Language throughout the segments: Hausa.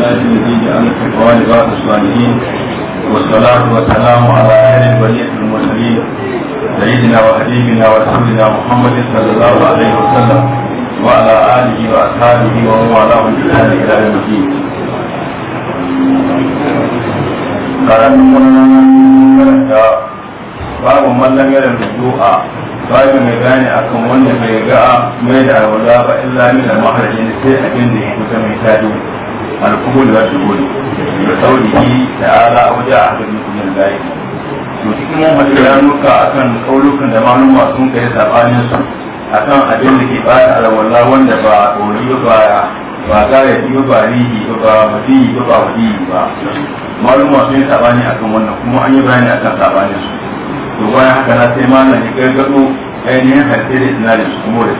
الله الذي جعل التقوى الصالحين والصلاة والسلام على أهل البرية المرسلين سيدنا وحبيبنا ورسولنا محمد صلى الله عليه وسلم وعلى آله وأصحابه ومن والاه بإحسان إلى يوم الدين. باب من لم يرى الوضوء babu mai gane akan wanda bai ga mai da alwala ba illa min al-mahrajin sai abin da ya kusa mai tadi القبول والقبول بقوله تعالى a أحد منكم to cikin akan kaulukan da malum sun kai sabanin su akan abin da ke wanda ba ba ba ba rihi ba ba wadi ba malum wannan kuma an yi bayani akan su to bayan haka na sai malam ya gargado ainihin hadisi da su kuma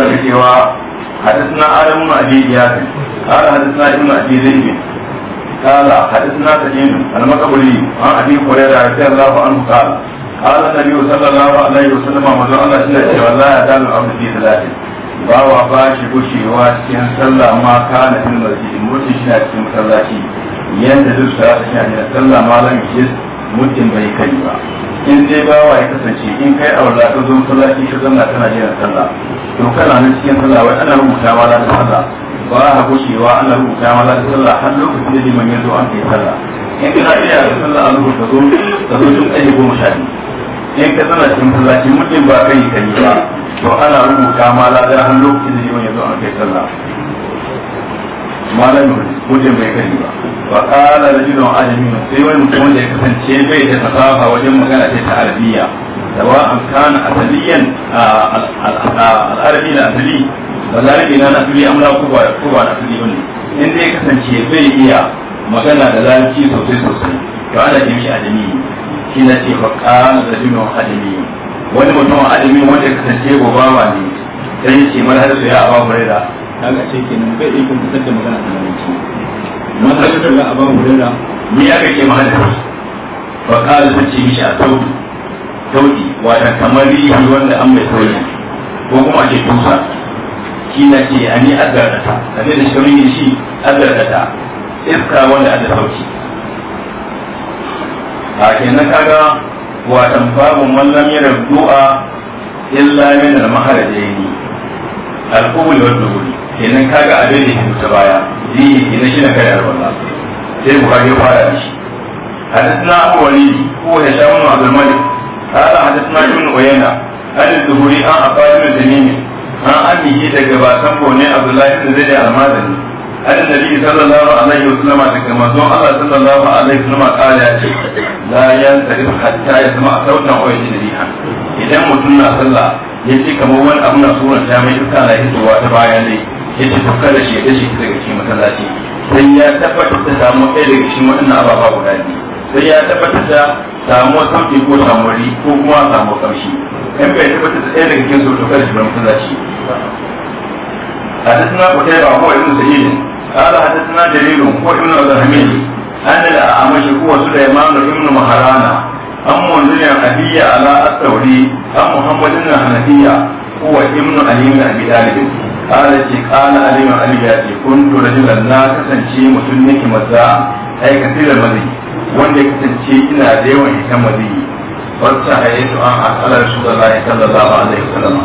da cewa حدثنا آدم بن أبي إياد قال حدثنا ابن أبي زيد قال حدثنا سجين ما قبلي عن أبي هريرة رضي الله عنه قال قال النبي صلى الله عليه وسلم ما من الله شيئا ولا يزال الأمر في ثلاثة bawa ba shi gushewa صلى ما كان في المسجد masjid mutum shi na cikin masallaci yanda duk salata shi na muddin bai kai ba in dai ba wa ya kasance in kai a aula ka zo sallah masallaci ka zanna kana jiran sallah to kana nan cikin sallah wai ana rubuta ma da sallah ba ha gushewa ana rubuta ma da sallah har lokacin da liman ya zo an kai sallah in kana iya sallah an rubuta zo ka zo duk ayi goma sha in ka zanna cikin masallaci muddin ba kai kai ba to ana rubuta ma da har lokacin da liman ya zo an kai sallah malamin wajen bai gani ba wa kala da jidon ajami sai wani mutum wanda ya kasance bai da fasaha wajen magana ce ta arabiya sawa an kana asaliyan al'arabi na asali ba larabi na asali amla ko ba ko ba asali bane in dai kasance bai iya magana da larabci sosai sosai to ana ce mishi ajami shi na ce fa kala da jidon ajami wani mutum ajami wanda ya kasance gobawa ne sai ya ce mara da su ya abawa da kaga ce kenan bai ikon fitar da magana a larabci amma ta yi daga abu hurera ni aka ce ke da ba kala ta ce mishi a taudi taudi wata kamar rihi wanda an mai sauya ko kuma a ce tusa shi na ce a ni agarata a ne da shirin shi agarata iska wanda aka sauki a kenan kaga watan babu mallam yana du'a illa min al-maharajayni al-qawli wal-nuhuri idan ka ga abin da ke ta baya yi idan shi na kai a rawar sai mu kage fara da shi hadisi na abu wani ko ya sha wani abu mali ta hada na yin oyana hadin zuhuri an a fara da jamini an amince daga ba san ne abu lafi da zai da almazani hadin da biyu sallallahu alaihi wa sallama daga mazo allah sallallahu alaihi wa sallama kala ya ce la yan tarif hatta ya zama a sautan oyan shi da riha idan mutum na sallah ya ce kamar wani abu na suran ta mai iska na hitowa ta baya ne ya ce tafka da shi ya dace ta daga cikin masallaci sai ya tabbatar da samu ɗaya daga cikin waɗannan ababa guda biyu sai ya tabbatar da samu samfi ko samuri ko kuma samu kamshi in bai tabbatar da ɗaya daga cikin su tafka da shi bar masallaci حدثنا قتيبة هو ابن سعيد قال حدثنا جرير هو ابن عبد الحميد أن الأعمش هو سليمان an مهرانة أم منزل الحنفية على الثوري أم محمد بن الحنفية هو ابن علي بن أبي طالب kala ce kala aliman aliya ce kun to rajulan na kasance mutum yake maza ai kasirar mazi wanda ya kasance ina da yawan hitan mazi wata hayatu an asala rasulullahi sallallahu alaihi wasallam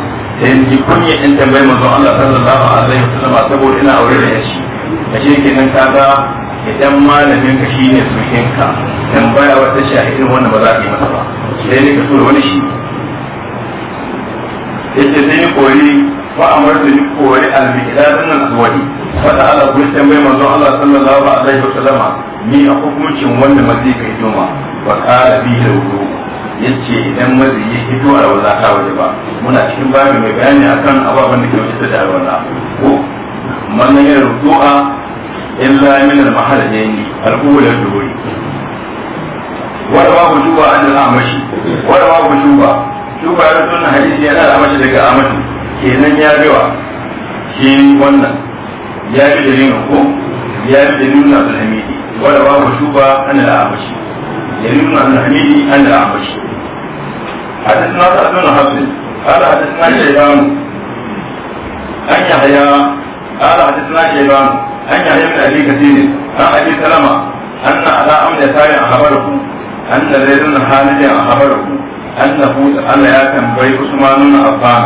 sai kun yi in tambayi manzo Allah sallallahu alaihi wasallam saboda ina aure da yashi ashe ka ga idan malamin ka shine sukin ka tambaya wata shahidin wanda ba za ka yi masa ba sai ne ka so wani shi yace sai ni فأمرت بالقول المكتاب من الزوجي فتعالى قلت بين مزوع الله صلى الله عليه وسلم مي أخوكم wanda ولا مزيك يوما وقال به الوضوء yace idan mazi ya fito a wala ta waje ba muna cikin babu mai bayani akan ababen da ke wuce da wala ko man ya rutu'a illa min al-mahalajaini al-ula duri wa rawahu shuba an amashi shuba shuba ya hadisi yana da amashi daga amashi kenan ya biwa shi wannan ya bi da nuna ko ya bi da nuna da hamidi wanda ba mu shuba an da abashi ya nuna da hamidi an da abashi hadisna ta ibn hasan قال حدثنا شيبان أن يحيى قال حدثنا شيبان أن يحيى بن أبي كثير عن أبي سلمة أن على أمر يسار أخبره أن زيد بن خالد أخبره أنه أن يا تنبي عثمان بن عفان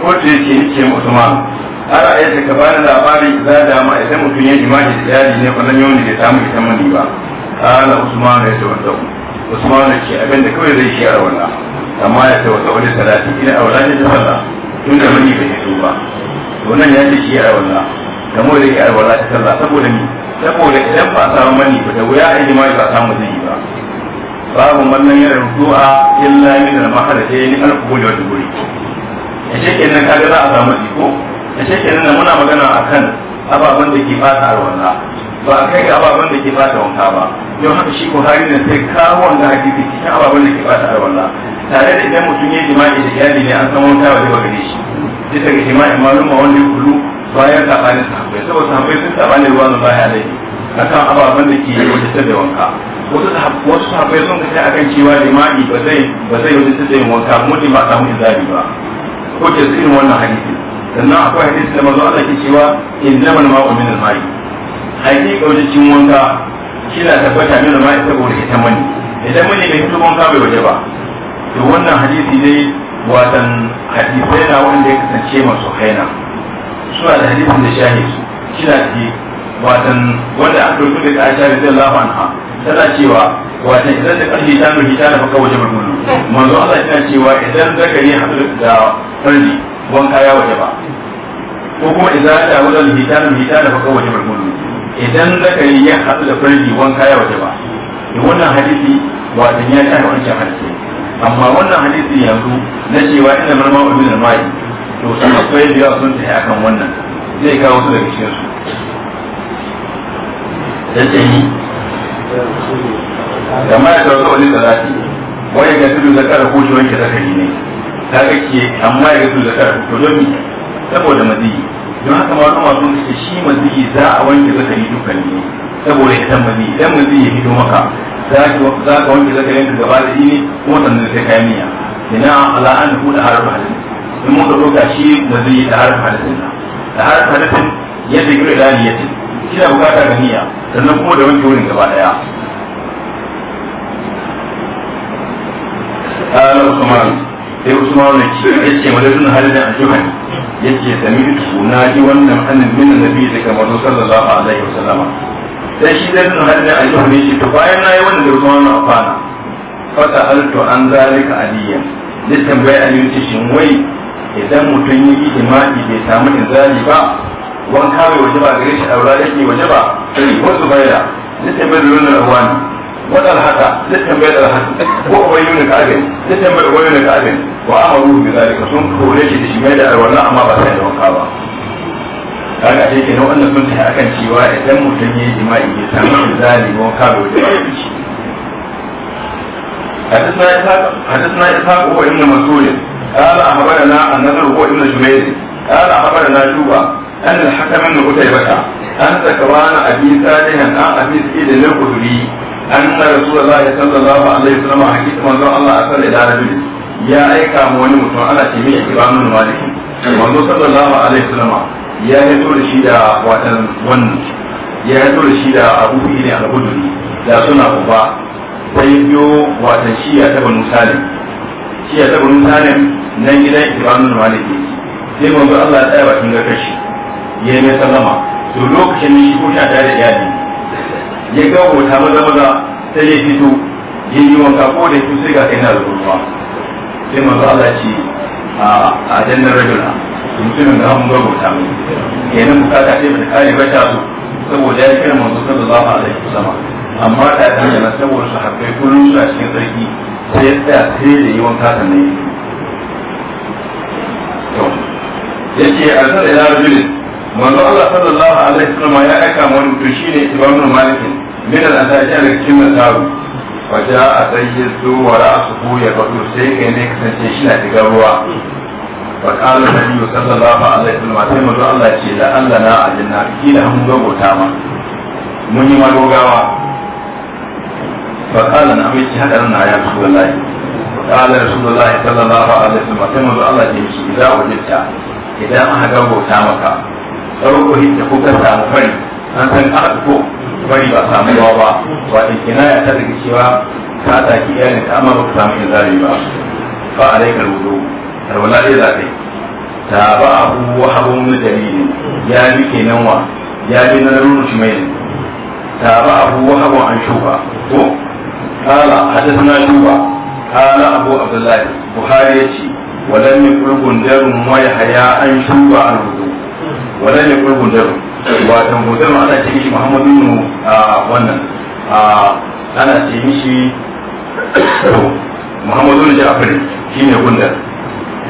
ko da yake yake usman ma har a yadda ka labari za da ma idan mutum ya jima'i da iyali ne wannan yau ne da ta samu ita mani ba ala usman ya tawanta usman ce abin da kawai zai shi a wannan amma ya tawanta wani salati ina a wani da sallah tun da mani bai so ba wannan ya ce shi a wannan kamar da ke a wannan ta sallah saboda ni saboda idan ba a samu mani ba da wuya a jima'i ba ta mu zai ba babu mallan yana rutu'a illa min al-mahadathayni al-qubul wa al-duburi a shekin nan kaga za a samu iko a shekin nan muna magana akan ababen da ke fata arwanda ba a kai ga ababen da ke fata wanka ba don haka shi buhari ne sai kawo wanda hadisi cikin ababen da ke fata arwanda tare da idan mutum ya jima'i da iyali ne an san wanka ba zai gare shi bisa daga jima'i maluma wanda kulu bayan sabanin sahabbai saboda sahabbai sun sabanin ruwa na baya laifi kan ababen da ke wajen da wanka wasu sahabbai sun kashe akan cewa jima'i ba zai ba zai wajen da wanka mutum ba samu izari ba hujjar su wannan hadisi sannan akwai hadisi da mazo Allah ke cewa innamal ma'u min al-ma'i ko wajen cin wanka kina tabbata min al-ma'i saboda ita mani idan mani bai fito wanka bai waje ba to wannan hadisi ne watan hadisai na wanda ya kasance masu haina suna da hadisin da shahi su kina watan wanda aka rubuta da Aisha radiyallahu anha tana cewa watan idan da karfi ta nufi ta kawo kawaje mulmulu manzo Allah yana cewa idan zakari hadu da farji wanka ya waje ba ko kuma idan ta wajen hita hitan kawo kawaje mulmulu idan zakari ya hadu da farji wanka ya waje ba da wannan hadisi watan ya shafi wancan hadisi amma wannan hadisi yanzu na cewa ina marma wa bin al-mai to sun akwai da sun tafi akan wannan zai kawo su daga cikinsu. da ke yi amma ya sauka wani salati wani ga tudu da kara hutu wanke zakari ne ta ga ke amma ya ga tudu da kara hutu don saboda maziyi don haka ma kuma sun ce shi maziyi za a wanke zakari dukkan ne saboda ya san maziyi idan maziyi ya fito maka za ka wanke zakarin ka gaba da ne kuma sannan sai kayan niyya ina ala an hu da harfa halin in mun ka shi maziyi da harfa halin da harfa halin yadda gure da niyyati Kina bukata da niyya sannan kuma da wanke wurin gaba daya ala usman sai usman ne ce yace madadin halin da ajuhan yace sami tu na ji wannan annabi min nabi da kamar sallallahu alaihi wasallama sai shi da halin da ajuhan yace to bayan yi wannan da usman na fana fata altu an zalika aliyan ya bai aliyu ce shi wai idan mutum yi jima'i bai samu inzali ba wanka kawai waje ba gare shi a wura yake waje ba sai wasu bayyana ya bai da wannan rahwani wadal haka ya bai da haka ko wai yuni ka abin bai tambayi wai yuni wa amaru bi zalika sun kore shi da shi mai da wannan amma ba sai da wanka ba kaga ake wannan sun akan cewa idan mutum jima'i ya samu zalimi waje ba حدثنا إسحاق حدثنا إسحاق هو ابن مسعود قال أخبرنا النذر هو ابن جميل قال أخبرنا أن الحكم بن قتيبة أن ذكران أبي صالح أن أبي سعيد الخدري أن رسول الله صلى الله عليه وسلم حكيت من الله أرسل إلى رجل يا أيكا موني متون على تيمية إمام بن مالك manzo sallallahu alaihi wasallam ya yato da shi da watan wannan ya yato da shi da abu ne a gudun da suna uba sai shi ya taba nan gidan maliki sai manzo Allah ya tsaya bakin ga kashi ya yi sallama to lokacin da shi ko sha tare da yaji ya ga hota maza maza sai ya fito ya yi wanka ko da su sai ga kai na da sai manzo Allah ce a jannar rajula mutumin da mun rubuta mai kenan bukata ce bata kare ba bata so saboda ya kira manzo sallallahu alaihi sama amma ta yi da saboda su sahabbai kullum a cikin sarki sai ya tsaya sai da yi wanka ta ya yake a arzal ila rajulin manzo Allah sallallahu alaihi wasallam ya aika mu wani mutum shine Ibn Malik min al-Asaji da cikin Nasaru wa ja'a sayyidu wa ra'suhu ya badu sai kai ne kasance shi na diga ruwa wa qala nabi sallallahu alaihi wasallam sai manzo Allah ce la Allah na aljanna kila mun gota ma mun yi madogawa fa qala na amince hadarin na ya rasulullahi qala rasulullahi sallallahu alaihi wasallam sai manzo Allah ce shi idza wajidta idan aka gogota maka zama ko hijja ko ka samu fari an san ka ko fari ba samu yawa ba wato kinaya ta daga cewa ka taki iyalin ka amma baka samu inzari ba fa alaika rudu alwala dai za kai ta ba abu wa habun min dalilin ya bi kenan wa ya bi na ruruci mai ta ba abu wa habun an shuka ko قال حدثنا شوبة قال أبو عبد الله بخاري ولم يقل بندر ويحيى أن شوبة عن الوضوء wannan ne kuma hujjar wato hujjar ana ce shi muhammadu nu a wannan ana ce shi muhammadu nu ja'afar shi ne gunda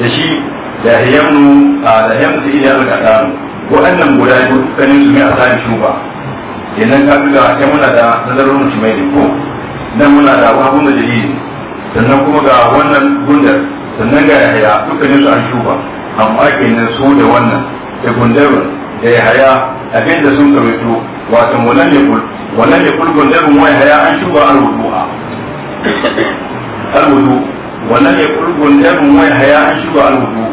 da shi da a da hiyamnu sai idan aka ɗanu waɗannan guda ne kan su ne a sami ba idan ka ga sai muna da nazarin mutum mai ko nan muna da mun da yi sannan kuma ga wannan gundar sannan ga yahaya dukkanin su an shuba amma kenan su da wannan da gundarun da ya haya abinda sun kawaito wato wannan ya kul wannan ya kul gundarun wa haya an shuba al wudu'a al wudu wannan ya kul gundarun wa haya an shuba al wudu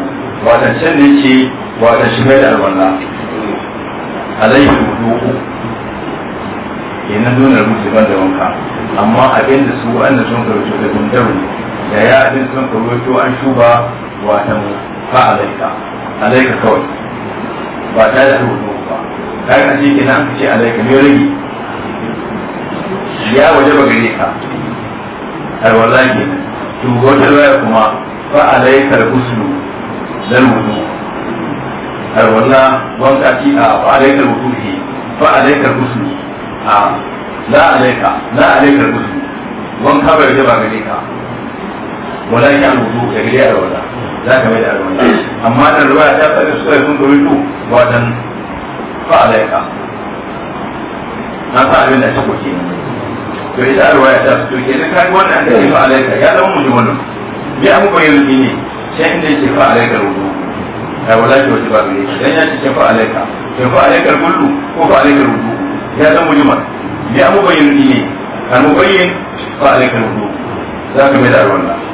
wato can ne ce wato shiga da alwala alayhi wudu'u kenan nuna rubutu ban da wanka amma abin da su an da sun karuto da gundarun da ya abin sun karuto an shuba wato fa alaika alaika kawai ba ta da hoto ba ta ga ce ke nan ce alaika ne rage ya waje ba gare ka alwala ke to wata waya kuma fa alaika al-husnu dal wudu alwala wanka ci a fa alaika al-wudu fa alaika al-husnu a la alaika la alaika al-husnu wanka bai waje ba gare ka walakin al-wudu ya gare za ka mai da alwala amma da ruwaya ta tsare su sai sun rubutu wajen fa'alaika na sa abin da ta koke to ita alwaya ta su ke na kai wannan da ke fa'alaika ya zama mujmalun bi abu bayyana ne sai inda yake fa'alaika rubutu ya wala ce wata ba gare dan ya ce fa'alaika to fa'alaika kullu ko fa'alaika rubutu ya zama ma bi abu bayyana ne kan mubayyin fa'alaika rubutu za ka mai da alwala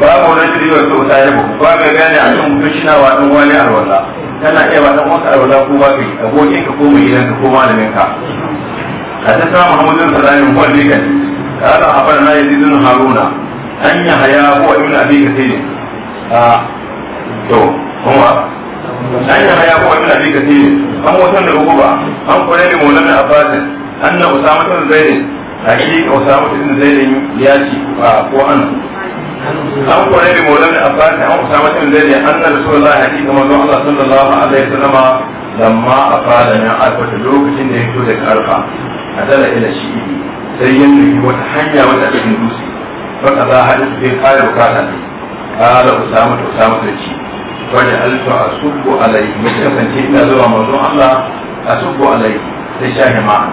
babu wani tiri wa kyauta ya bu ba ga gane a kan mutum shi na wa ɗan wani alwala tana iya wa ɗan wasu alwala ko ba ka yi abokin ka ko mai gidan ka ko malamin ka a ta sa muhammadin salamin kwalli kan قال أخبرنا يزيد بن هارون أن يحيى هو ابن أبي كثير to kuma an yana ya kuma ina jika ce an wutan da uku ba an kure da mulan da abasin an na usama tun zaidin a kiri ka usama tun zaidin ya ci ko an an kore bi maulan abbas an usama bin zaid anna rasulullahi hakika manzo Allah sallallahu alaihi wasallama lamma afada min arfa lokacin da ya fito daga arfa adala ila shi'i sai ya nufi wata hanya wata cikin dusi wata za hadis bai kare bukata ne kala usama ta usama ta ci wajen alfa asubu alaihi mai kasance ina zuwa manzo Allah asubu alaihi sai sha jama'a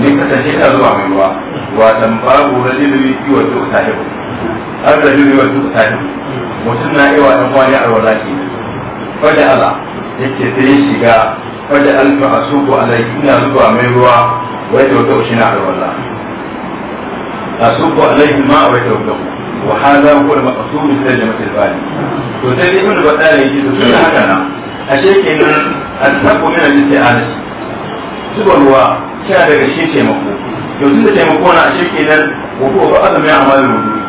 ni kasance ka zuwa mai ruwa watan babu rajulun yi wa duk sahibu har da yi wa duk sahibu mutum na yi wa dan wani alwala ke fada ala yake sai ya shiga fada alfa a suku ina zuwa mai ruwa wai da wata shi na alwala a suku ma wai da wata wa hada ko da maqsud sai da mutul bani to sai ibn batali yake to suna haka na ashe kenan an tabo min al-isti'anah zuba ruwa shi daga shi taimako yanzu da taimako na shi kenan wato ba azumi amalin wudu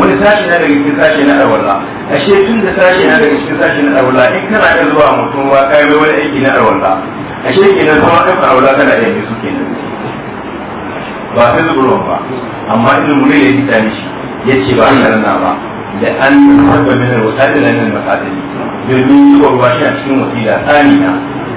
wani sashi na daga cikin sashi na arwala ashe tun da sashi na daga cikin sashi na arwala in kana iya zuwa mutum ba kai mai wani aiki na arwala ashe kenan sama ɗin arwala kana da yi su kenan ba sai zuburwan ba amma ilimin ne ya ji tani shi ya ce ba an karanta ba da an tabbamin da wata da nan da domin zuwa ruwa shi a cikin wasila tsani na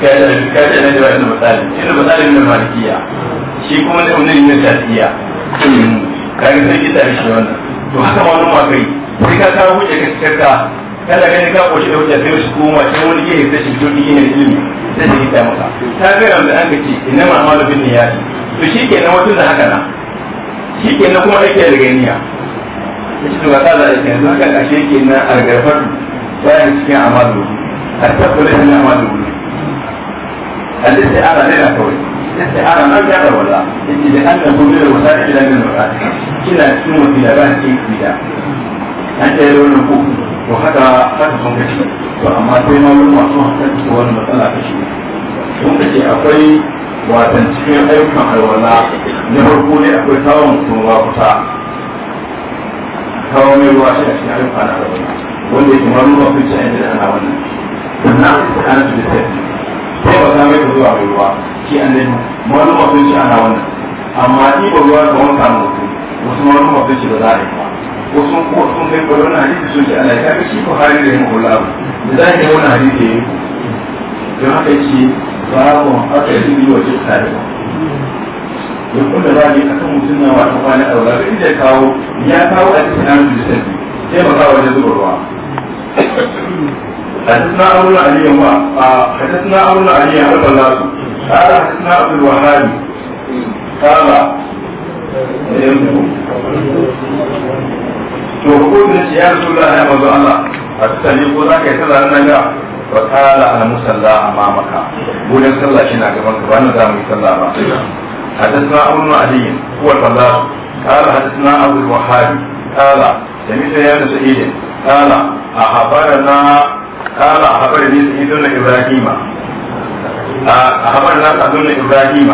kaji na da wani misali irin misali ne malikiya shi kuma da wani yin shafiya kaga sai kita shi wannan to haka wani ma kai sai ka kawo hujja ka tsaka kada ka ka koshi da hujja sai su kuma sai wani yake sai shi dole yin ilimi sai shi kita maka ta ga ran da aka ce inna ma amalu bin niyyati to shikenan wato da haka na shikenan kuma yake da ganiya kace to ka da yake yanzu haka kashe kenan algarfatu bayan cikin amalu a tabbata da amalu الاستعارة لنا كوي الاستعارة ما جاب ولا لأنه من الوسائل إلى من الوسائل كلا تسمو في لبان كيف بدا أنت يلون نقول وحتى حتى صنفك وأما كل ما يلون مصنوع تنسي ولا مطلع كشي صنفك أقوي وتنسي أيوكا ولا نهرقوني أقوي سوا مصنوع وقصا سوا ميواشي أشياء أيوكا ولا wanda ya kamar ruwa fi sa'in da ana wannan sannan ana su da sai ba ta mai zuwa mai ruwa shi annabi wani mutum shi ana wannan amma ni ba ruwa ga wani samu mutum wasu wani mutum shi ba za a yi ba wasu ko sun kai ba wani hadisi sun ce ana ya shi ko hali da mu labu da za a yi wani hadisi ya yi ku don haka shi babu haka yi biyu wajen tare ba don kuma za a yi akan mutum na wata kwana a wula inda ya kawo ya kawo a cikin an sai ba za a wajen zuba ruwa حدثنا أبو علي حدثنا أبو علي عبد الله قال حدثنا عبد الوهاب قال to hukumin da ya rasu da ya mazu Allah a tsali ko za ka yi sallah nan ga wa kala ala musalla amma maka gudan sallah shi na gaban ka ba na za mu yi ba حدثنا أبو علي هو الفلاح قال حدثنا أبو الوهاب قال سمعت يا سعيد قال أخبرنا قال أخبرني سيد إبراهيم أخبرنا سيد إبراهيم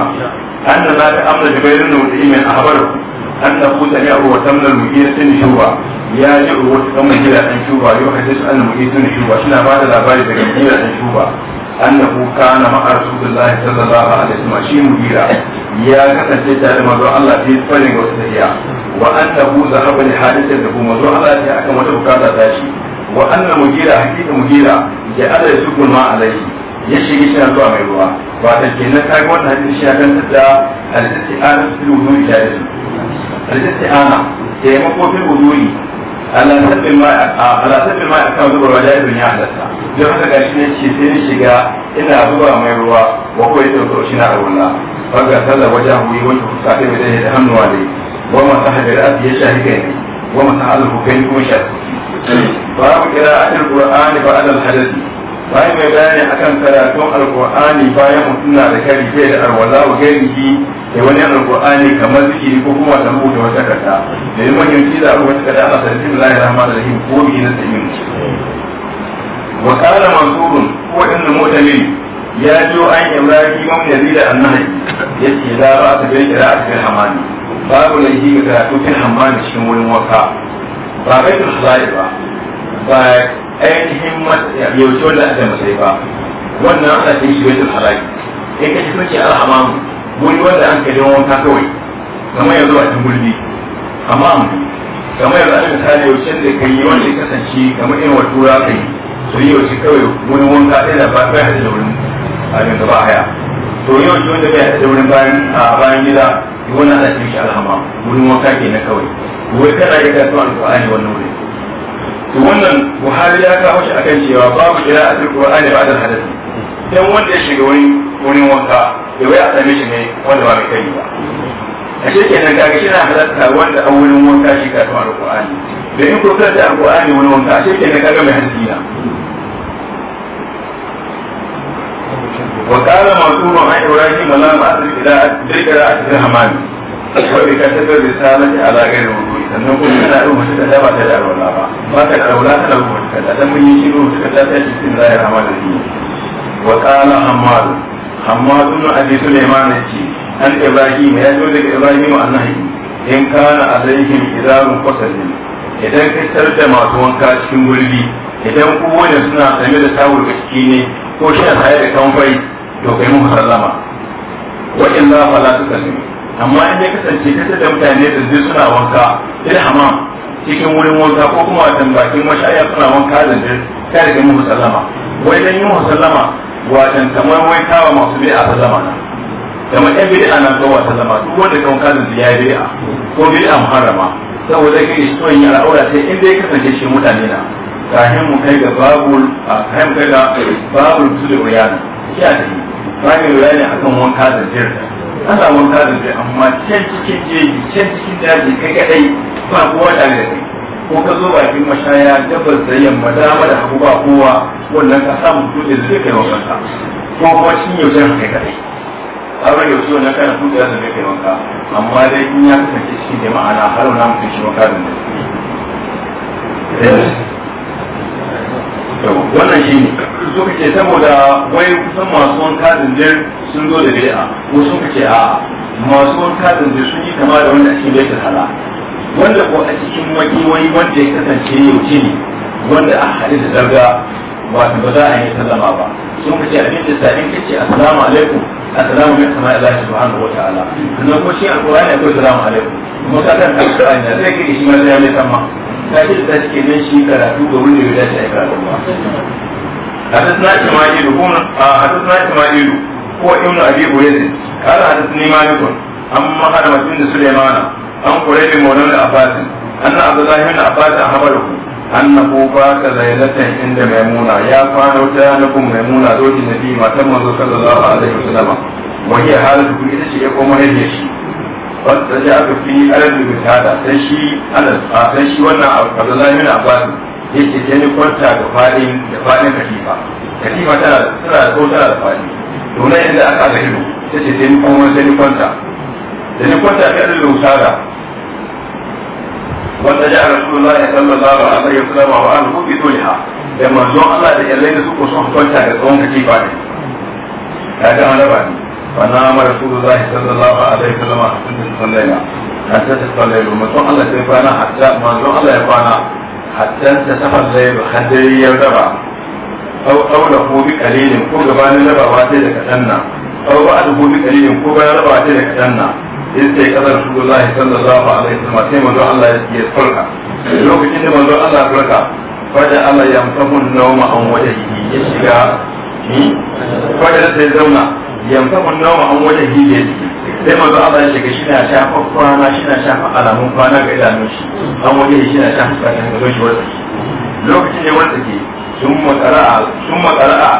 أن ذات أمر جبير بن أخبره أن أبو سريع وتمن المجيرة شوى ya ji rubutu kan mai gida ɗan shuba yau ka jisu an muke tun shuba suna ba da labari daga gida ɗan shuba annahu kana ma'a rasulullahi sallallahu alaihi wasallam shi mugira ya kasance tare mazo Allah sai farin ga tafiya wa annahu da kuma mazo Allah sai akan wata bukata ta wa anna mujira hakika mujira ya ala yasukul ma alaihi ya shige shi na zuwa mai ruwa ba ta kenan ta ga wannan hadisi shi akan tada al-isti'ana fil wudu'i jaiz al-isti'ana taimako fil wudu'i ala sabbi ma ala sabbi ma akan zuwa ruwa jaiz ya halatta don haka gashi ne ce sai ni shiga ina zuwa mai ruwa wa ko ya dauko shi na arwala faga sallah wajahu yi wani fusa da hannuwa dai wa ma sahabi ra'asi ya shahi gani wa ma sahalu kai kuma shafi babu kira a qur'ani ba alal hadasi bayan mai bayani akan karatun alqur'ani bayan mutum na da kari bai da alwala wa gairi da wani alqur'ani kamar zikiri ko kuma da rubuta wata da yi mahimmanci da rubuta kata a sarfin lahi rahman rahim ko bi na tsayin wa qala mansurun ko inna mu'tamin ya jo an imrani mun yazida annahi yace la ba'a babu laifi cikin wurin waka ba bai da zai ba ba ainihin yauce wanda aka masai ba wannan ana ta yi bai da halaki in ka cikin ce alhamamu wuri wanda an kalli wanka kawai kamar yanzu a cikin gulbi hamamu kamar yanzu an misali yauce da kai yi wanda ya kasance kamar irin wa tura kai su yi yauce kawai wani wanka ɗaya da ba kai hada da wurin a yanzu ba haya to yawan shi wanda bai da wurin bayan a bayan gida wani ana cikin shi alhama wurin wanka ke na kawai wai kada ya kasu an qur'ani wannan wurin to wannan buhari ya kawo shi akan cewa babu kira a cikin ne ba da hadasi dan wanda ya shiga wurin wanka ya wai a shi ne wanda ba mai kai ba a shi kenan kaga shi na halatta wanda a wurin wanka shi kasu an qur'ani da in ko kanta wanka a shi kenan kaga mai hadisi na وقال منصور عن ابراهيم لا باس بقراءة الرحمن وبكتب الرسالة على غير وضوء sannan kuma yana yin wata kada ba ta da alwala ba ba ta da alwala ta da wata kada dan mun shiru wata kada ta yi cikin zahir hamadu ne wa qala hammad hammad ibn abi sulaiman ce an ibrahim ya zo daga ibrahim annahi in kana alaihim idarun qasalin idan ka tarda masu wanka cikin gurbi idan kowane suna same da tawul gaske ne ko shi a tsaye da kamfai to kai mun harlama wa illa fala tukallimi amma in ya kasance ka da mutane da zai suna wanka ila hamam cikin wurin wanka ko kuma a tambakin mashaya suna wanka da zai kai da mun sallama wai dan yin sallama watan kamar wai kawa masu ta zama na mu ɗan bi'a na kawa sallama duk wanda kan kaza ya yi bid'a ko bid'a muharrama saboda kai shi to yin al'aura sai in dai kasance shi mutane na kahin mu kai ga babul a kai ga babul su da ya tafi bayan lura ne akan wanka da jirga ana wanka da jirga amma can cikin jeji can cikin daji kai kadai ba kowa tare da kai ko ka zo bakin mashaya gabas da yamma dama da hagu ba kowa wannan ka samu dole zai kai wanka ko kuma cikin yaushe kai kadai abin da ciwon na kana kuka da zai kai wanka amma dai in ya kasance cikin jama'a na har wani mutum shi wanka da eh. wannan shi ne suka ce saboda wai kusan masu wanka zindir sun zo da bai'a ko sun ce a'a masu wanka zindir sun yi kama da wanda ake bai hala wanda ko a cikin waki wani wanda ya kasance yauci ne wanda a haɗe da daga ta ba za a yi sallama ba sun kace abin da sa in kace assalamu alaikum assalamu min sama'illahi subhanahu wa ta'ala sannan ko shi alqur'ani akwai assalamu alaikum kuma ka kan alqur'ani da zai kike shi ma sai ya mai sama ta ce da take nan shi karatu ga wanda ya dace a karatu ba حدثنا إسماعيل حدثنا إسماعيل هو ابن أبي هريرة قال حدثني مالك عن مخرمة بن سليمان عن قريب مولى بن عباس أن عبد الله بن عباس أخبره أنه فات ليلة عند ميمونة يا فانو تانكم ميمونة زوج النبي ما تم صلى الله عليه وسلم وهي حالة كل شيء يقوم هي شيء فاستجاب في ألد بهذا تشي أنس تشي وأنا عبد الله بن عباس yake sai ni kwanta da fadin da fadin katifa katifa tana tana da tana da fadi to nan inda aka ga hidu sai ce sai ni kwanta sai ni kwanta da ni kwanta sai da lusara wanda ja rasulullahi sallallahu alaihi wasallam wa anhu bi dunya da manzo Allah da yalle da suko son kwanta da tsawon katifa ne kaga an raba ni فنام رسول الله صلى الله عليه وسلم حتى تصلينا حتى Allah sai الله hatta manzo Allah ya يفانا hatta ta safar zai ba haddari ya raba au au da ko bi kalilin ko gabanin rabawa sai da kadan nan au ba da ko bi kalilin ko bayan rabawa sai da kadan nan in sai kadar Rasulullahi sallallahu alaihi wasallam sai manzo Allah ya farka lokacin da manzo Allah ya farka fada Allah ya mutamun nauma an wajahi ya shiga ni fada sai zauna yamsa kun nawa an wajen hile sai manzo Allah ya shiga shina shafa kwana shina shafa alamun kwana ga idanun shi an wajen shina shafa kwana ga shi wata lokacin ne wata ke sun makara'a sun makara'a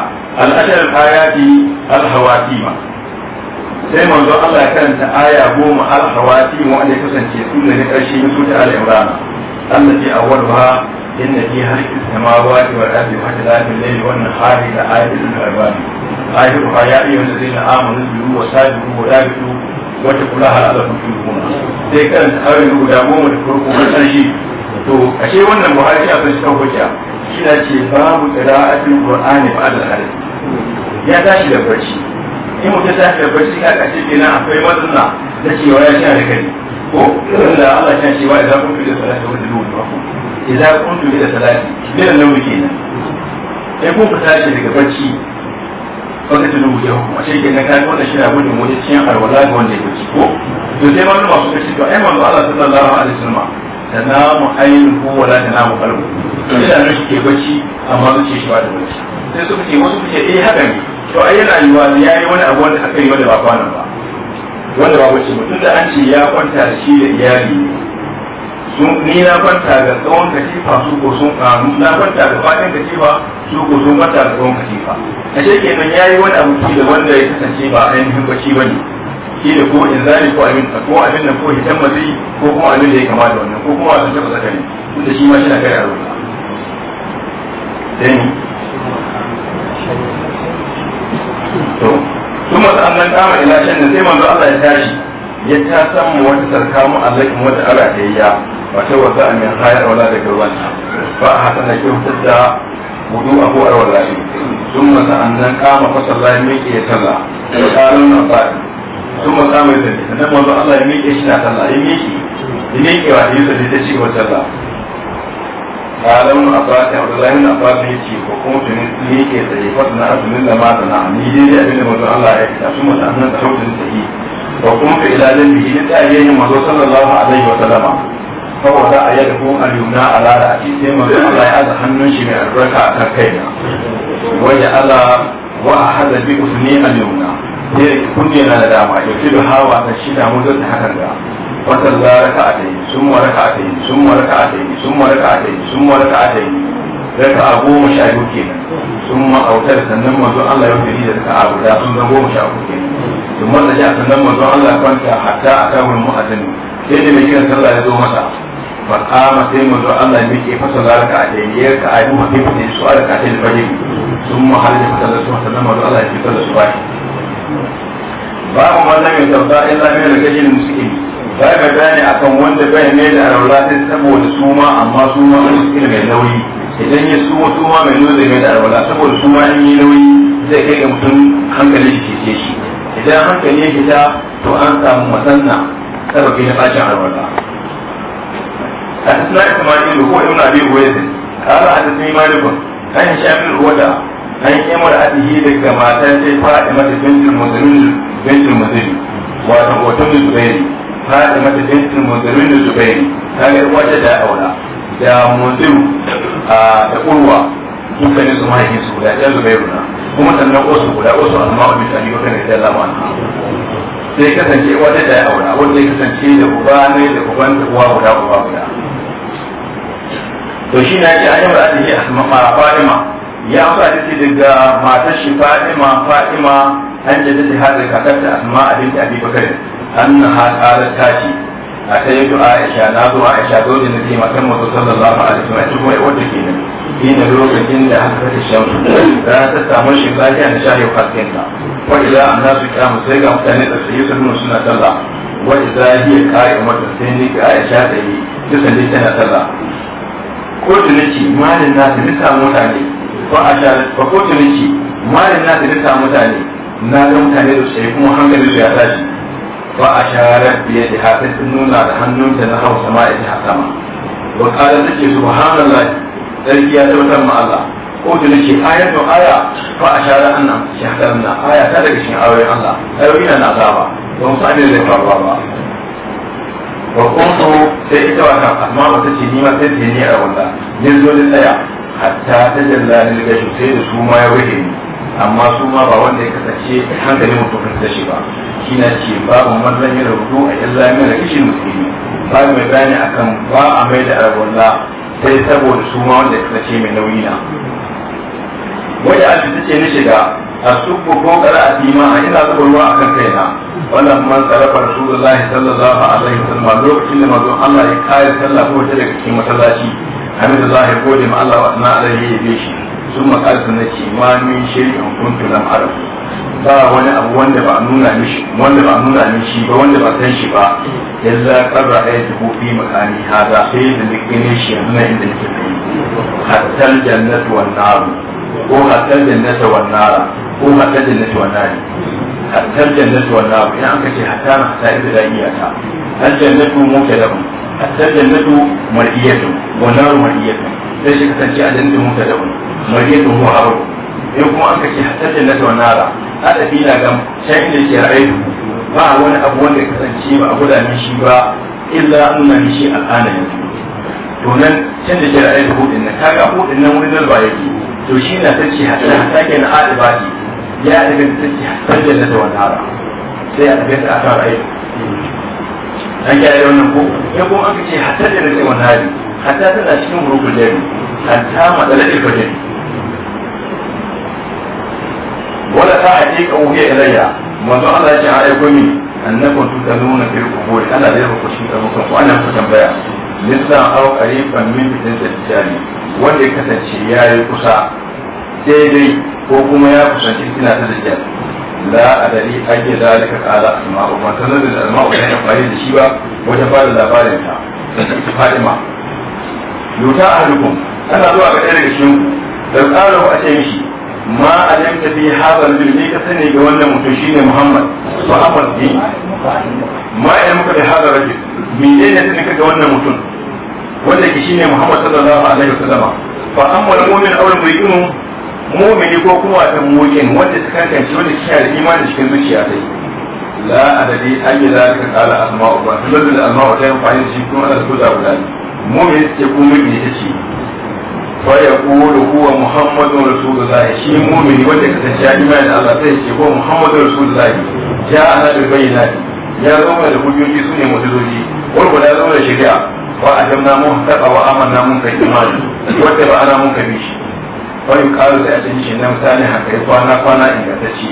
al'adar ayati al-hawatima sai manzo Allah ya karanta aya goma al-hawatima wanda ya kasance sunan ne karshe su ta al-imran Allah ya awwalha إن في خلق السماوات والأرض واختلاف الليل والنهار لآية للألباب آيتها يا أيها الذين آمنوا اصبروا وصابروا ورابطوا واتقوا الله لعلكم تفلحون sai kan tsawon guda goma da farko na ƙarshe to ce wannan buhari abin suka hujja shi na ce babu qira'atul qur'ani ba da hadis ya tashi da barci in mutum tashi da barci ka kace kenan akwai matsala cewa ya shi da kai ko Allah ya cewa idan kun fi da salatu wa idza kuntu ila salati min an kenan sai kun fita shi daga bacci ta dubu ya A shi na kai wanda shi na gudun wani cikin alwala ga wanda ya bacci ko to sai malama suka ce to ai manzo Allah sallallahu alaihi wasallam tanamu ainihu wala tanamu qalbu to idan shi ke bacci amma zuciya shi ba da bacci sai suka ce wasu suke eh haka ne to ai yana yiwa ya yi wani abu wanda aka yi wanda ba kwanan ba wanda ba bacci mutum da an ce ya kwanta da shi da iyali ni na kwanta ga tsawon katifa su ko sun karu na kwanta ga fatan katifa su ko sun kwanta ga tsawon katifa a shekke nan yayi wani abu da wanda ya kasance ba a ainihin bacci ne shi da ko in zali ko abin ko abin nan ko hitan mazi ko kuma abin da ya kamata wannan ko kuma abin da ba zakari tunda shi ma shi na kai a ruwa dani to kuma sa'an nan kama ila shan sai manzo Allah ya tashi ya ta samu wata sarka mu Allah kuma wata ara da ya wata wasa a min hayar wala da garwan fa a hasana ki hutsa wudu abu arwallahi thumma nan kama fa sallallahi min ki salla wa qalan na fa thumma qama ya salla nan manzo Allah ya miƙe shi na salla ya miƙe ya miƙe wa ya salla ta ci wa salla قالوا na عبد الله بن أباك يجي Ni ليك سيفتنا أبن الله ما تنعني لي أبن الله الله يكتب ثم تأمن تحوت yi. wa kuma ka ilalin bihi ne ta yi yin mazo sallallahu alaihi wa sallama saboda a yadda kun alyuna a lara a sai mazo Allah ya aza hannun shi mai albarka a kan kaina wajen Allah wa hada bi usni alyuna sai kunne na da dama ya fi da hawa ta shi da mutum da hakan da wata ka a tayi sun mara ka a tayi sun mara ka a tayi sun mara ka a tayi sun mara ka a tayi raka a goma sha biyu kenan sun ma'autar sannan mazo Allah ya fi da raka a guda sun zama goma sha uku kenan sun masa shi a sannan manzon Allah kwanta hatta a kawun mu'azini sai da mai kiran sallah ya zo masa makama sai manzon Allah ya miƙe fasa laraka a daidiyar ka a yi mu hafi fasa su a da kashe da fahimi sun muhalli da sallah su sannan manzon Allah ya fi sallah su ba bashi babu wannan mai tauta illa mai da gajin musulmi ba ga bayani kan wanda bai mai da arwala sai saboda suma amma suma ma ne mai nauyi idan ya suma suma mai nuna zai mai da arwala saboda suma in yi nauyi zai kai ga mutum hankali shi ke shi idan haka ne fita to an samu masanna sababi na tsakin arwata a cikin ayyukan mafi ko ina bi wezin kara a cikin malikun an shafin ruwada an yi a mara ajiye daga matan sai fara mata bintin mazalin bintin mazalin wato hoton da zubairi fara mata bintin mazalin da zubairi ta ga ruwa ta da aura da mazalin ta kurwa kuka ne su mahaifin su da ya zubairu na kuma sannan wasu guda wasu amma wa misali wata ne sai zama sai kasance wata da ya aura wanda ya kasance da uba ne da uban da uwa guda uba guda to shi na ce ayyar da ake asma fa'ima ya fara ce daga matar shi fa'ima fa'ima an jaddace hadar kakar da asma a binti abi An annaha qalat tashi a ta yi du'a aisha na zo aisha dole na kima kan mutu sallallahu alaihi wa sallam ai wanda ke nan ina lokacin da aka ta shan rana ta samu shi lafiya na shahi fasken ta wa idza annasu kamu sai ga mutane da su yi sunnu suna sallah wa idza hiya qa'imatu sai ni ga aisha da yi duk ne tana sallah ko tunci malin na ta nisa mutane ko aisha ko tunci malin na ta nisa mutane na ga mutane da su yi kuma hankali su ya tashi فأشارت بيدها تسنون على حنون تنحو سماء حسما وقال تكي سبحان الله ذلك يا توتر مع الله قلت لك آية آية فأشار أن شهدنا آية تلك شيء أوي الله أوينا نعذابا ومصعب اللي الله وقلت سيئت وكان أسماء وتسينيما تسيني أولا نزل الآية حتى تجلى للجيش سيد سوما يوهيني amma su ma ba wanda ya kasance hankali mutum kan tashi ba shi na ce babu mallan yana rubutu a yin mai da kishin musulmi ba mai bayani akan ba a mai da arabunla sai saboda su ma wanda ya kasance mai nauyi na wani a ta ce na shiga a subu ko kara a tima a ina zuba ruwa a kan kaina wannan man sarrafa rasulullahi sallallahu alaihi wasallam lokacin da mazo Allah ya kare sallah ko ta daga cikin masallaci hamdulillahi gode ma Allah wa sana'alaihi ya shi sun makarsa na ce ma min shirkin kuntu lam ba wani abu wanda ba nuna mishi wanda ba nuna mishi ba wanda ba san shi ba yanzu kabra ɗaya ta kofi makani haza sai da duk ganin shi yanzu na inda nake tsaye hatta jannatu wan naru ko hatta jannatu wan nara ko hatta jannatu wan nari hatta jannatu wan naru idan aka ce hatta na hatta ita da iyaka hatta jannatu mu hatta jannatu mar'iyatu wan naru mar'iyatu sai shi kasance a jannatin mu da mai mu mayyitun huwa abu in kuma an kace hatta na wa nara hada fila ga shan inda ke a ra'ayi ba wani abu wanda ya kasance ba a guda min shi ba illa anna min shi al'ana yanzu to nan can da ke ra'ayi hudin nan kaga hudin nan wani dalba yake to shi na tace hatta hatta ke na adibati ya daga tace hatta jannata wa nara sai a tafi ta aka ra'ayi an kiyaye wannan ko ya kuma aka ce hatta jannata wa nara hatta tana cikin burukul jari hatta matsalar ifajin wala ta ake kawuye ilayya manzo Allah ya ce a aiko ni annakum tutaluna fil qubur Allah zai rubuta shi ga ko ana ku tambaya lissa aw qariban min fitin tajjali wanda ya kasance yayi kusa daidai ko kuma ya kusanci fitina ta dajjal la adari ake zalika qala asma'u ban sanar da da shi ba wata fara labarin ta Fatima yuta a ahadukum ana zuwa ga ɗaya daga cikin da tsara a ce mishi ma alimta fi hadal bil ne ka sani ga wannan mutum shine Muhammad wa amal bi ma ilmuka fi hadal rajul mi ne ne sani ga wannan mutum wanda ke shine Muhammad sallallahu alaihi wasallam fa amma mu'min aw mu'minu mu'mini ko kuma ta mu'min wanda ta kankanci wanda ke da imani cikin zuciya sai la adadi ayyada ka qala asma'u wa tadullu al-asma'u ta yin fa'il shi kuma al-huda wa dalil mu'min ce ko mu'min ita ce fa yaqulu huwa muhammadun rasulullah shi mu'mini wanda kasance ya imani da Allah sai ce ko muhammadun rasulullah ya ana da bayyana ya zama da hujjoji sune mutuzoji wal guda zama da shari'a wa ajamna mun taqa wa amanna mun kai imani wanda ba ana mun kai shi fa yuqalu sai a cikin shi nan misali haka kwana kwana ingantacce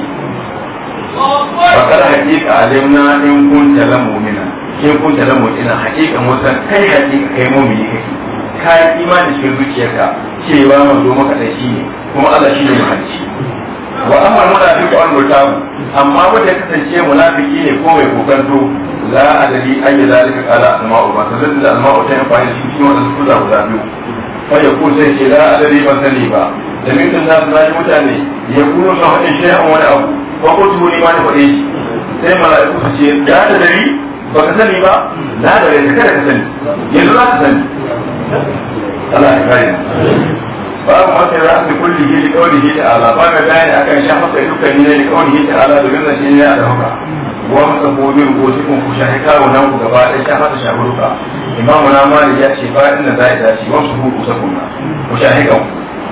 fakar hakika alimna in kunta la mu'mina in kun da lamu ina hakika musa kai hakika kai mu mu kake ka imani cikin zuciyarka cewa manzo maka da shi ne kuma Allah shi ne mahalicci wa amma fi munafiqu an mutabu amma wanda ya kasance munafiki ne ko mai kokanto la adali ayi zalika qala al-ma'u ba ta zalla al-ma'u ta amfani shi cikin wannan da guda biyu fa yaqul sai ce la adali ban sani ba da minkin nasu na mutane ya kuno sun haɗin shi'a wani abu ba ko ni ma ne ko shi sai mala'iku su ce ya da dari ba ka sani ba na da rai kada ka sani yanzu za ka sani Allah ya kare babu masu ra da kulli shi da kawai shi ta'ala ba ka gane akan sha masa dukkan ne da kawai shi ala da ganin shi ne da haka wa masa gobe ko shi kun ku shahi kawo nan ku gaba da sha masa shahuruka imamu na mali ya ce fa inda za ta ce wa su hudu sakunna ku shahi kan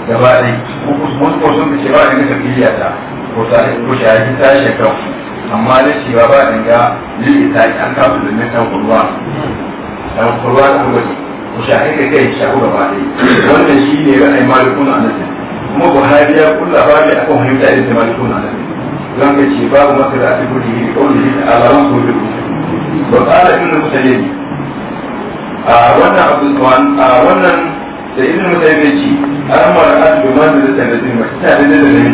gaba dai ku ku ko sun ce ba da kake kiyata ko ta ko ta shi kan amma da cewa ba da ga lili ta ki an kafa domin tan kurwa tan kurwa da wani ku shahi da kai shahu ba ɗaya wannan shi ne ra'ayin malikun anasin kuma buhari ya kulla ba ne akan hanyar da malikun anasin don ka ce babu masara a cikin rihiri kawai da alamun ko ba ƙara inda mutane ne a wannan abu a wannan da irin mutane ne ci an mara an domin da zai da zai mace ta da zai da zai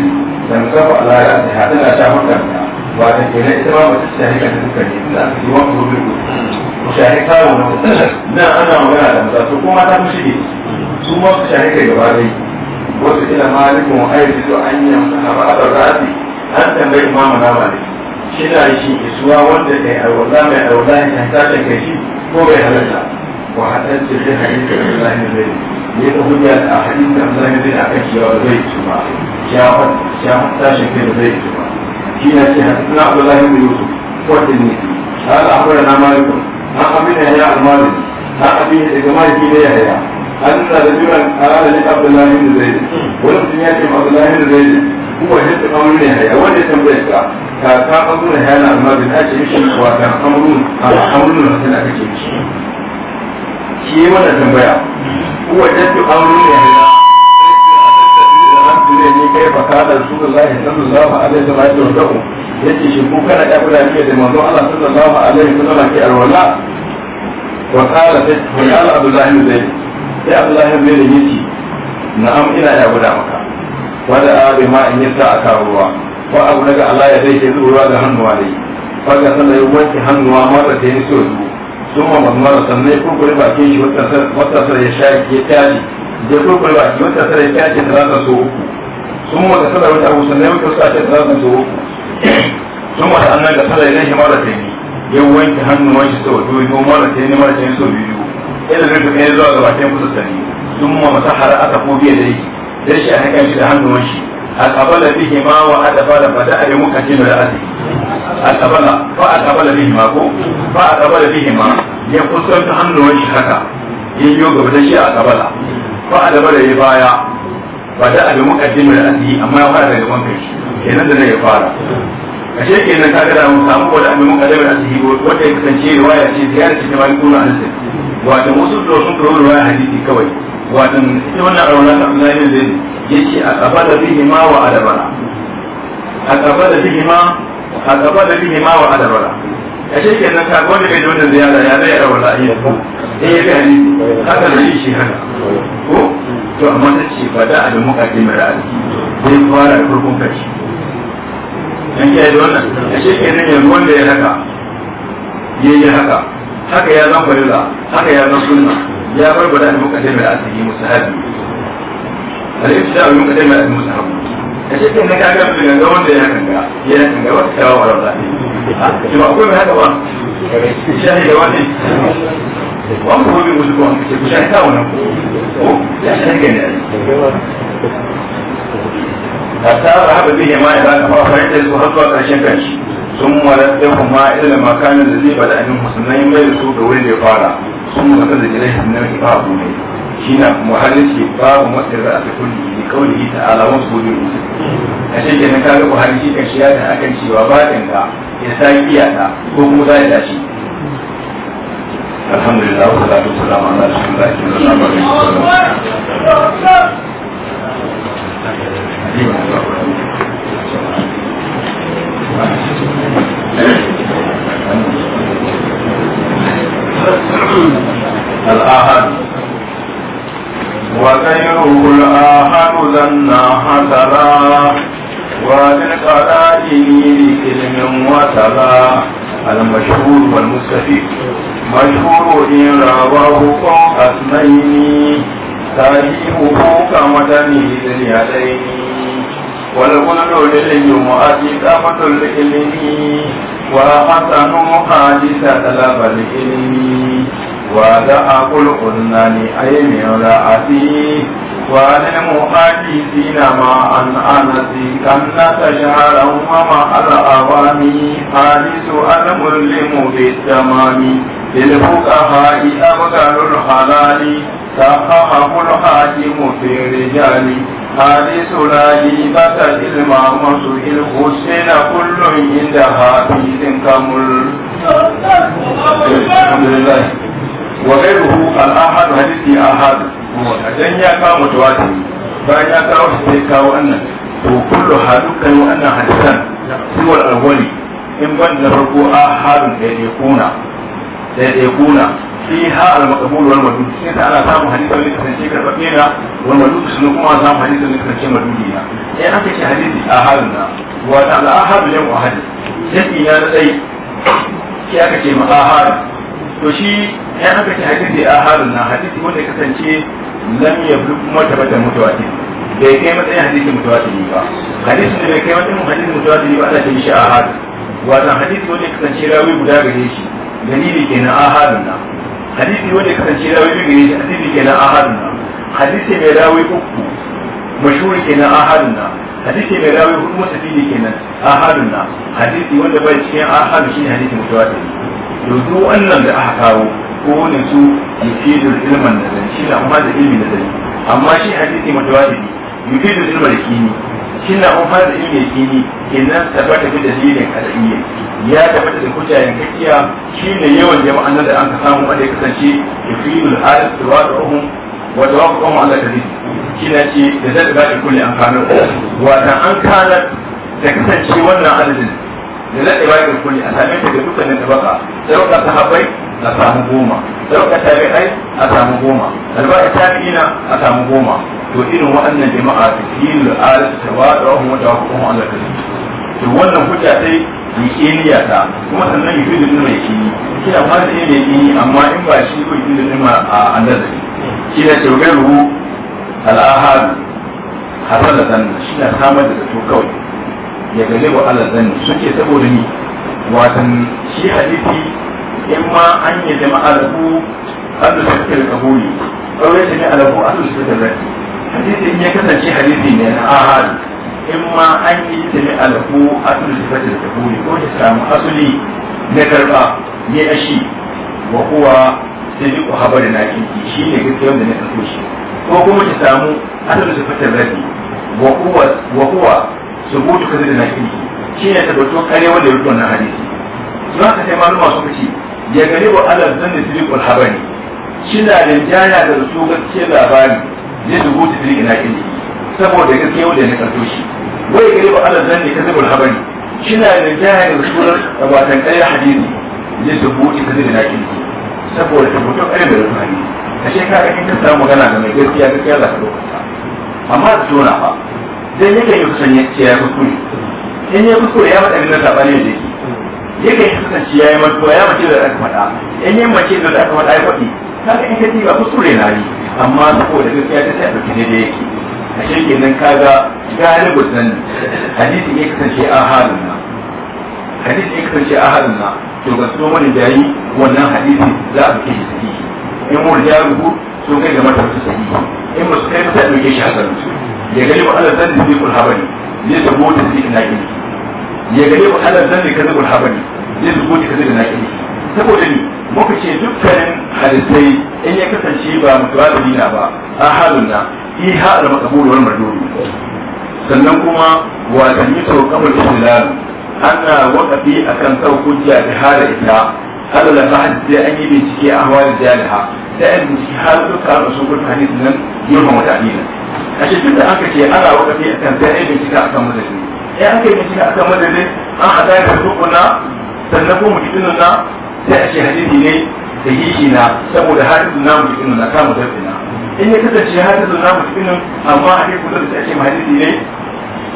da musamman alaƙa da haɗin a shafin kanta wata na ita ba mace shahika ta suka ne da ruwan rubin ku shahika wa mace Na ana magana da maza to kuma ta fushi ne su ma su kai gaba dai wasu ila malikun aiki to an yi sahaba a rasi an tambayi imamu na malik shi na shi isuwa wanda kai alwala mai alwala ya shahika ta kai shi ko bai halatta wa hadan ce da hadisi da Allah ne bai ne ta hujja a hadisi da Allah ne a kan shi ba zai ci ba ya fata shi kai da zai ci ba shi ne shi hasu na Abdullahi bin Yusuf ko ta ne ta ga akwai na malikun na abin ya yi almalin na abin da ga maliki ne ya yaya da jira karara ne Abdullahi bin Zaid wani sun ya ce Abdullahi bin Zaid kuma shi ta kamar ne ya yaya wanda tambaye ka ta kamar ya yi almalin ta ce shi wa a kamarun da suna kake yi wannan tambaya kuma shi ta kamar ne ne ni kai fa kana rasulullahi sallallahu alaihi wa sallam yace shi ko kana ya kula ne da manzo Allah sallallahu alaihi wa sallam ke alwala wa qala fa abu abdullahi bin zaid sai abdullahi bin zaid yace na'am ina ya guda maka da abi ma in yasa aka ruwa wa abu daga Allah ya dai ke ruwa da hannuwa dai faga sallah ya wanke hannuwa mata ta yi so ثم مضمر سنه كل باكي وتصل وتصل ya يتالي da kurkwai baki wata sarai da ce talata so uku ثم ذكر وجهه سلم فسأل ثلاثا سوء ثم أن غسل إليه مرتين يوين تهن وجه سوء مرتين مرتين سوء بيو إلى الرفق إلى الرفق مرتين فسأل ثم مسح رأته بيديه ليش أنا كان في هن وجه أقبل بهما وأدبر بدأ يمكن رأسه أقبل فأقبل بهما فأقبل بهما يقصد هن وجه هكا يجوك بدشي أقبل فأدبر يبايع ba da abin mukaddimi da asiri amma ya fara daga man kai kenan da ya fara a ce nan ka gada mun samu da abin mukaddimi da asiri wanda ya kasance riwaya ce ziyarar ce ta bayan kuna an sai wato musu da sun kuro riwaya hadisi kawai wato ita wannan arwana ta Allah ne zai yace a kafa da bihi ma wa adabara a kafa da bihi ma a kafa da bihi ma wa adabara a ce nan ka wanda bai da wannan ziyara ya zai arwana iya ko eh ya ga hadisi haka da shi haka ko to amma ta ce ba da a da muka ji mara aji sai fara da farkon kashi an kiyaye da wannan a shekarun yanzu wanda ya haka ya yi haka haka ya zan farilla haka ya zan sunna ya bar bada da muka ji mara aji musahabi al-ibtida wa muka ji mara aji musahabi a shekarun na kaga mutum yanzu wanda ya kanga ya kanga wata tawa wa rabbani a ba akwai mai haka ba shahida wani wannan wani musu kuma ke ku shan kawo nan ko ya shan gani a ya fara su har zuwa ƙarshen kanshi sun mara ɗaya kuma irin makamin da zai bada ainihin musulmai mai da su da wuri da ya fara sun mata da gina shi nan ba abu ne shi na muhallin ce babu matsayin da cikin kulli ne kawai yi ta alamun su wuri musu a shi ke na kare shi kan shi ya da akan cewa ba ɗin ka ya sa kiyata ko kuma za ya dace الحمد لله والصلاة والسلام على رسول الله صلى الله عليه وسلم الآحد وغيره الآحد لنا حسلا وللقرائن بكلم وتلا المشهور والمستفيد مشهور إن رواه قوم أثنين تاريخه كمدنه اليدين والغل للجمعة دفة العلم وحسن حادثة طلب العلم wada a kulkunna ne a yi mai wada a fi wani mu haƙi sina ma an anasi kan na ta shahara kuma ma al'awami hadisu al'ulimu bi tamami bil buka ha'i abgarul halali ta haka kulu haƙi mu fi rijali hadisu lali bata ilma masu ilku sina kullum inda hafi zin kamul. الحمد لله wa gairuhu al-ahad hadisi ahad dan ya kawo mutawatir bayan ya kawo shi sai kawo annan to kullu hadukan wannan hadisan siwal awwali in ban farko ahadun da ya kuna da ya kuna fi ha al-maqbul wal madud sai ana samu hadisan da kasance karbabe na wal madud sun kuma samu hadisan da kasance madudi na eh aka ce hadisi ahadun na wa ta al-ahad yau ahad sai ya dai sai aka ce ma ahad ya aka ce hadisi a halin na hadisi wanda kasance lam ya bi martabatan mutawati bai kai matsayin hadisi mutawati ba hadisi da bai kai matsayin hadisi mutawati ba ana ce shi a halin wannan hadisi wanda kasance rawi guda gare shi dalili kenan a halin na hadisi wanda kasance rawi biyu gare shi hadisi kenan a halin na hadisi mai rawi uku mashhuri kenan a halin na hadisi mai rawi hudu masafili kenan a halin na hadisi wanda bai cikin a halin shi ne hadisi mutawati yanzu wannan da aka kawo kowane su yufidul ilman da zai shi na kuma da ilmi da zai amma shi hadisi mutawatir yufidul ilman da da kini shi na kuma da ilmi da kini kenan tabbata bi dalilin kadaiya ya tabbata da hujja yankakkiya shi ne yawan jama'an da an samu wanda ya kasance yufidul halis tawaduhum wa tawaqqum ala kadhib shi na ce da zai da kulli an kana wa an kana da kasance wannan adadin da na ɗaya da kuri a same ta da mutanen da baka sai ka sahabbai a samu goma sai ka tabi'ai a samu goma alba'i tabi'ina a samu goma to irin waɗannan jama'a da kilu alis tawadahum wa tawakkuluhum ala kalim to wannan hujja sai yiƙiniya ta kuma sannan yi fili mai kini kina ma da yin yaƙini amma in ba shi ko yi da ma a annazari kina tawgaru al-ahad hasalatan shi na samar da to kawai ya gale wa zanni suke saboda ni watan shi hadisi in ma an yi da alabu Allah su suka rika buri kawai shi ne alabu abu su suka rika hadisi in ya kasance hadisi ne na ahad in ma an yi da alabu Allah su suka rika ko ya samu asuli na karba ne a shi wa kuwa sai duk habari na kinki shi ne gaskiya da na karɓo shi ko kuma ya samu asalin sifatin rabi wa kuwa subutu kadir na shi ne ta dauko kare wanda yake wannan hadisi Su haka sai maluma sun ce ya gare wa alal zanni sirqul habani shina rinjaya da su gaskiyar labari ne subutu kadir na shi saboda gaskiya wanda ne karto shi wai gare wa alal ka kadir habani shina rinjaya da su watan kare hadisi ne subutu kadir na shi saboda tabbatar kare da ruhani a shekara in ka samu magana da mai gaskiya gaskiya za ka amma da tona ba dan yake yi kusanci ya kuskure in ya kuskure ya faɗa min na sabani da yake yake yi kusanci ya yi mantuwa ya mace da aka faɗa in yi mace da aka faɗa ya faɗi kaga in ka ji ba kuskure na yi amma saboda gaskiya ta tafi kine da yake a shi kenan kaga galibu nan hadisi ne kasance a halin na hadisi ne kasance a halin na to ga so mani yi wannan hadisi za a fi shi in mu da rubu so kai ga mata su sahihi in musu kai mata dauke shi hasan ya gani wa alal zanni sai kul habani ya tabo da sai ina gidi ya gani wa alal zanni kaza kul habani ya tabo da kaza ina gidi saboda ni muka ce dukkanin halittai in ya kasance ba mutuwalin na ba a halin na iha al maqbul wal mardud sannan kuma wa tanmi tawqamul islam ana waqafi akan tawqujja da hala ita hada da fahad sai an yi bincike a hawalin jaliha da yan bincike har duka rasul hadith nan yi ma wata mutane a shi tun da aka ce ana wakafi a kan sai bincika akan madadin in eh, aka yi bincika akan madadin an a tayar da rukuna sannan ko mujibinin na sai a ce hadisi ne da yi na saboda hadisin na mujibinin na kama zarfina in ya kasance hadisin na mujibinin amma hadisi da sai a ce hadisi ne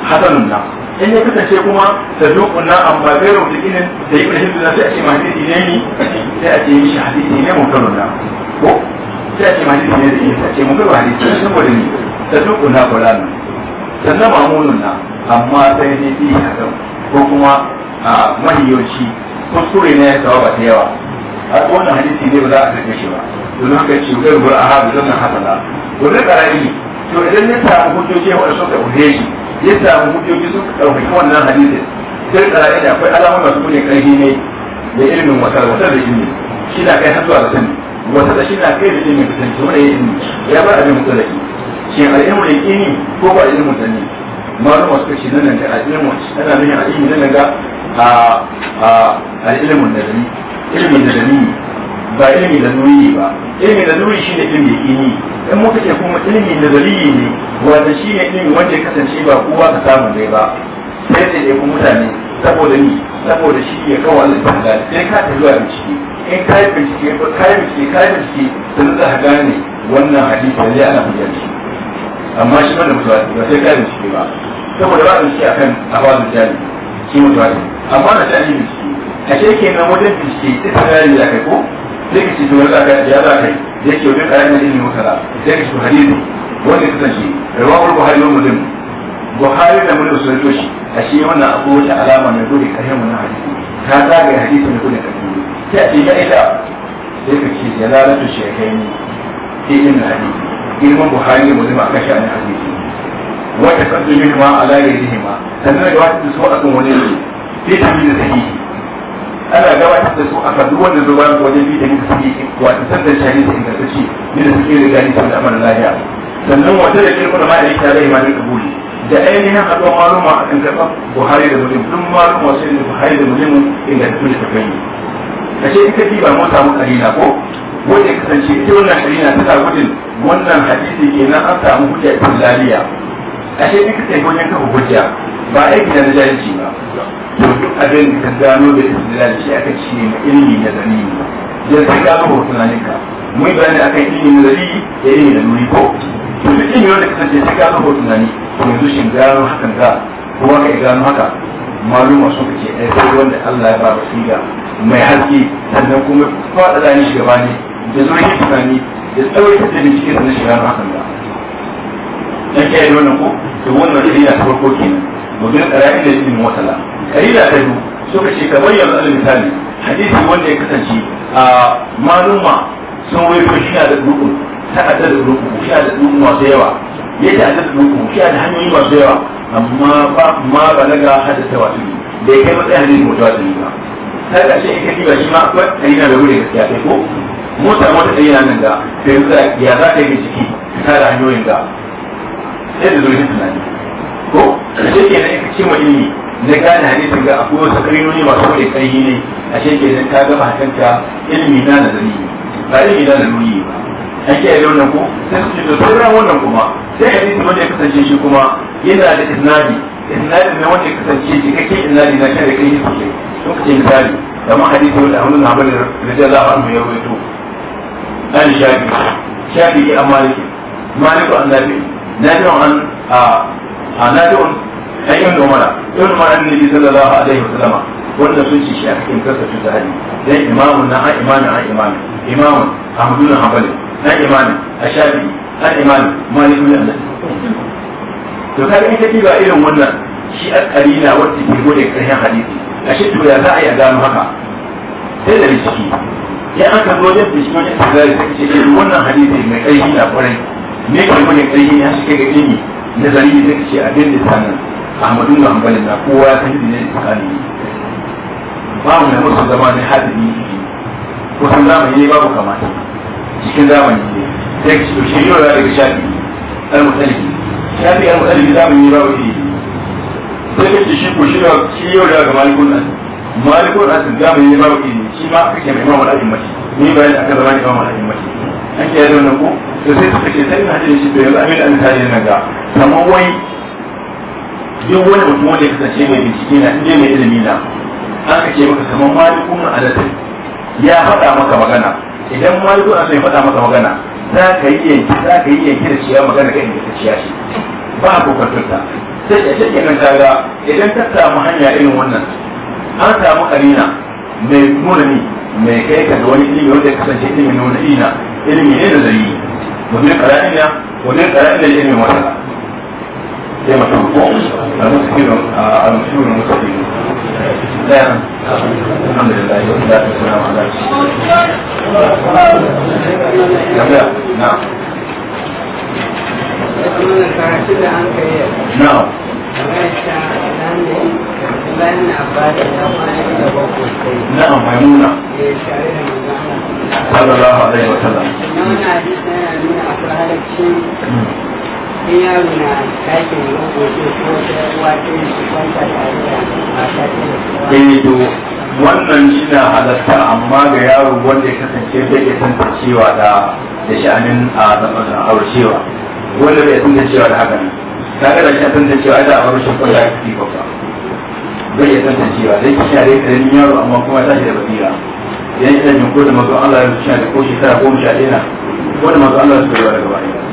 hasanun na in ya kasance kuma saduqun na amma bai rubuta ginin da yi ibrahim na sai a ce ma hadisi ne ni sai a ce mishi hadisi ne mutanun na ko sai a ce ma hadisi ne da yi sai a ce mutanun hadisi ne saboda ni da duk na fulani sannan mamunun na amma sai ne fi hakan ko kuma a mahiyoci kuskure ne ya sawa ba ta yawa a wannan hadisi ne ba za a karɓe shi ba domin haka ce wurin gura a haɗu zan hasala wurin ƙarami to idan ya samu hujjoji wanda suka ɗauke shi ya samu hujjoji suka ɗauki wannan hadisi sai ƙarami da akwai alamun masu kune ƙarfi ne da ilimin wasar wata da ilimi shi na kai har zuwa da sani wata da shi na kai da ilimin kusanci wanda ya ilimi ya ba abin mutu da shi a al'ilmu da kini ko ba al'ilmu da ni malu masu kashi nan da al'ilmu ana nuna al'ilmu nan ga a ilimin da ni ilimin da ni ba ilimin da nuri ba ilimin da nuri shi ne ilmi da kini in muka ce kuma ilimin da dalili ne wanda shi ne ilmi wanda ya kasance ba kowa ka samu dai ba sai da ya mutane saboda ni saboda shi ya kawo Allah ta halal sai ka ta zuwa bincike in ka yi bincike ka yi bincike ka yi bincike sannan za ka gane wannan hadisi da ana hujjar shi amma shi ba da mutuwaɗi ba sai kayan ciki ba saboda ba da ciki akan ahwalin jari shi mutuwaɗi amma da jari ne ciki a ce ke nan wajen bincike duk da jari da kai ko sai ka ci tuwar aka ya za kai da yake wajen kayan da ilimin mutala sai ka ci hadisi wanda ka shi rawar buhari wa mulim buhari da mulim sun rito shi a shi wannan abu wata alama mai gode kayan wannan hadisi ta zagaya hadisi mai gode kayan sai a ce ya ita sai ka ya lalata shi ya kai ni sai yin hadisi girman buhari da muslim a kan sha'anin hadisi wata kasu bihi ma ala yadihi ma sannan da wata su a kan wani ne ta da sahihi ana gabatar da su a kan duk wanda zo bayan wajen bi da ni wata sanda shahidi da ingantacce ne da suke da gani sun da amana lahiya sannan wata da kirkun da ma'aikata ta zai ma kabuli da ainihin haɗuwa maluma a kan karɓar buhari da muslim duk maluma sai da buhari da muslim ingantattun da ta kai kashe in ba mun samu kalila ko wanda ya kasance ita wannan shari'a ta sa gudun wannan hadisi kenan an samu hujja ta a shi duk sai wajen kafa hujja ba yi na jahilci ba duk abin da ka gano da istidlal shi aka ce ma ilmi na dalili ya sai ka kafa tunaninka mun yi bayani akan ilmi na dalili da ilmi na nuri ko to duk ilmi wanda kasance sai ka kafa tunani to yanzu shin gano hakan ga kuma ka gano haka maluma sun kace ai sai wanda Allah ya ba basira mai haske sannan kuma faɗa da ni shiga ne da zuwa tunani da tsawaita da bincike na shiga na hakan da dan yi da wannan ko to wannan shari'a ta farko kenan magana ƙara'in yi yake motala ƙarila ta biyu suka ce ka bayyana alal misali hadisi wanda ya kasance a maluma sun waito shi da dukun ta da rukun shi da dukun masu yawa yadda da rukun shi da hanyoyi masu yawa amma ba ma balaga ta wato da kai matsayin hadisi mota da ba sai ka shi in kaci ba shi ma akwai ɗari na da wuri gaskiya sai ko mota mota ɗari na nan ga sai ka ya za ka yi ciki ka da hanyoyin ga sai da zurfin tunani ko ashe ke nan ka ce ma ilimi na gane hadisin ga akwai wasu karinoni masu wani karhi ne shi ke nan ka ba hakanta ilimi na nazari ba ilimi na nuni ba ake yi wannan ko sai su ce to sai wannan kuma sai hadisi wanda ya kasance shi kuma yana da isnadi isnadi ne wanda ya kasance shi kake isnadi na kai da kai sosai sun kace misali kamar hadisi wanda na bin Hanbal radiyallahu anhu ya rawaito an shafi shafi ya amaliki maliku annabi nabi an a annabi an ibn umar ibn umar annabi sallallahu alaihi wasallam wanda sun ci shi a cikin kasa ta zahiri dan imamun na an imamin an imamin imamun Ahmad bin Hanbal na imamin a shafi al-imam malik bin anas to kaga in kace ba irin wannan shi al-qalila wacce ke gode karshen hadisi ashe to ya za a ya gano haka sai da ciki ya aka zo da shi wajen tsari sai ce irin eh, wannan hadisi mai ƙarfi na kwarai ne ke gode ƙarfi ya shi ga ilimi nazari sai ce abin da sanan ahmadu na ambalin na kowa ya san ne tsakani ba mu ne musu zama ne hadisi ko sun zamani ne babu kamata cikin zamani ne يشيرون إلى ذلك الشافعي المختلف الشافعي المختلف لا من يراه فيه ذلك الشيخ يشير يشير إلى مالك الأسد مالك الأسد لا من يراه فيه شيما كم إمام الأئمة ni bayan aka zama imam al-a'immah ake yaro nan ko to sai ce sai na hadin shi to yanzu amin al-misali nan ga kamar wai duk wani mutum wanda ya kasance mai bincike na inda mai ilimi na aka ce maka kamar malikun alatin ya faɗa maka magana idan malikun alatin ya faɗa maka magana za ka yi yanki za ka yi yanki da ciya magana kan da ciya shi ba a kokartunta sai da shi kenan kaga idan ka samu hanya irin wannan an samu karina mai nuna ni mai kai ka da wani ilimi wanda ya kasance ilimi nuna wani ina ilimi ne da zai yi domin kara'ina domin kara'ina da ilimin wata sai mutum ko al-muslimin al-muslimin muslimin ɗaya alhamdulillah yau na na نعم ميمونة صلى in yaro na ɗakin makoci ko ta wace shi kwanta tare da mata ta eh, wannan shina halatta amma ga yaro wanda ya kasance bai iya tantancewa da da sha'anin a zaman aurcewa wanda bai tantancewa da haka ne kaga da shi tantancewa da shi ko da kike ba bai iya tantancewa dai kishi dai karamin yaro amma kuma ya tashi da basira yayin da ko da mazo Allah ya rushe da ko shekara goma sha ɗaya wanda mazo Allah ya rushe da gaba ɗaya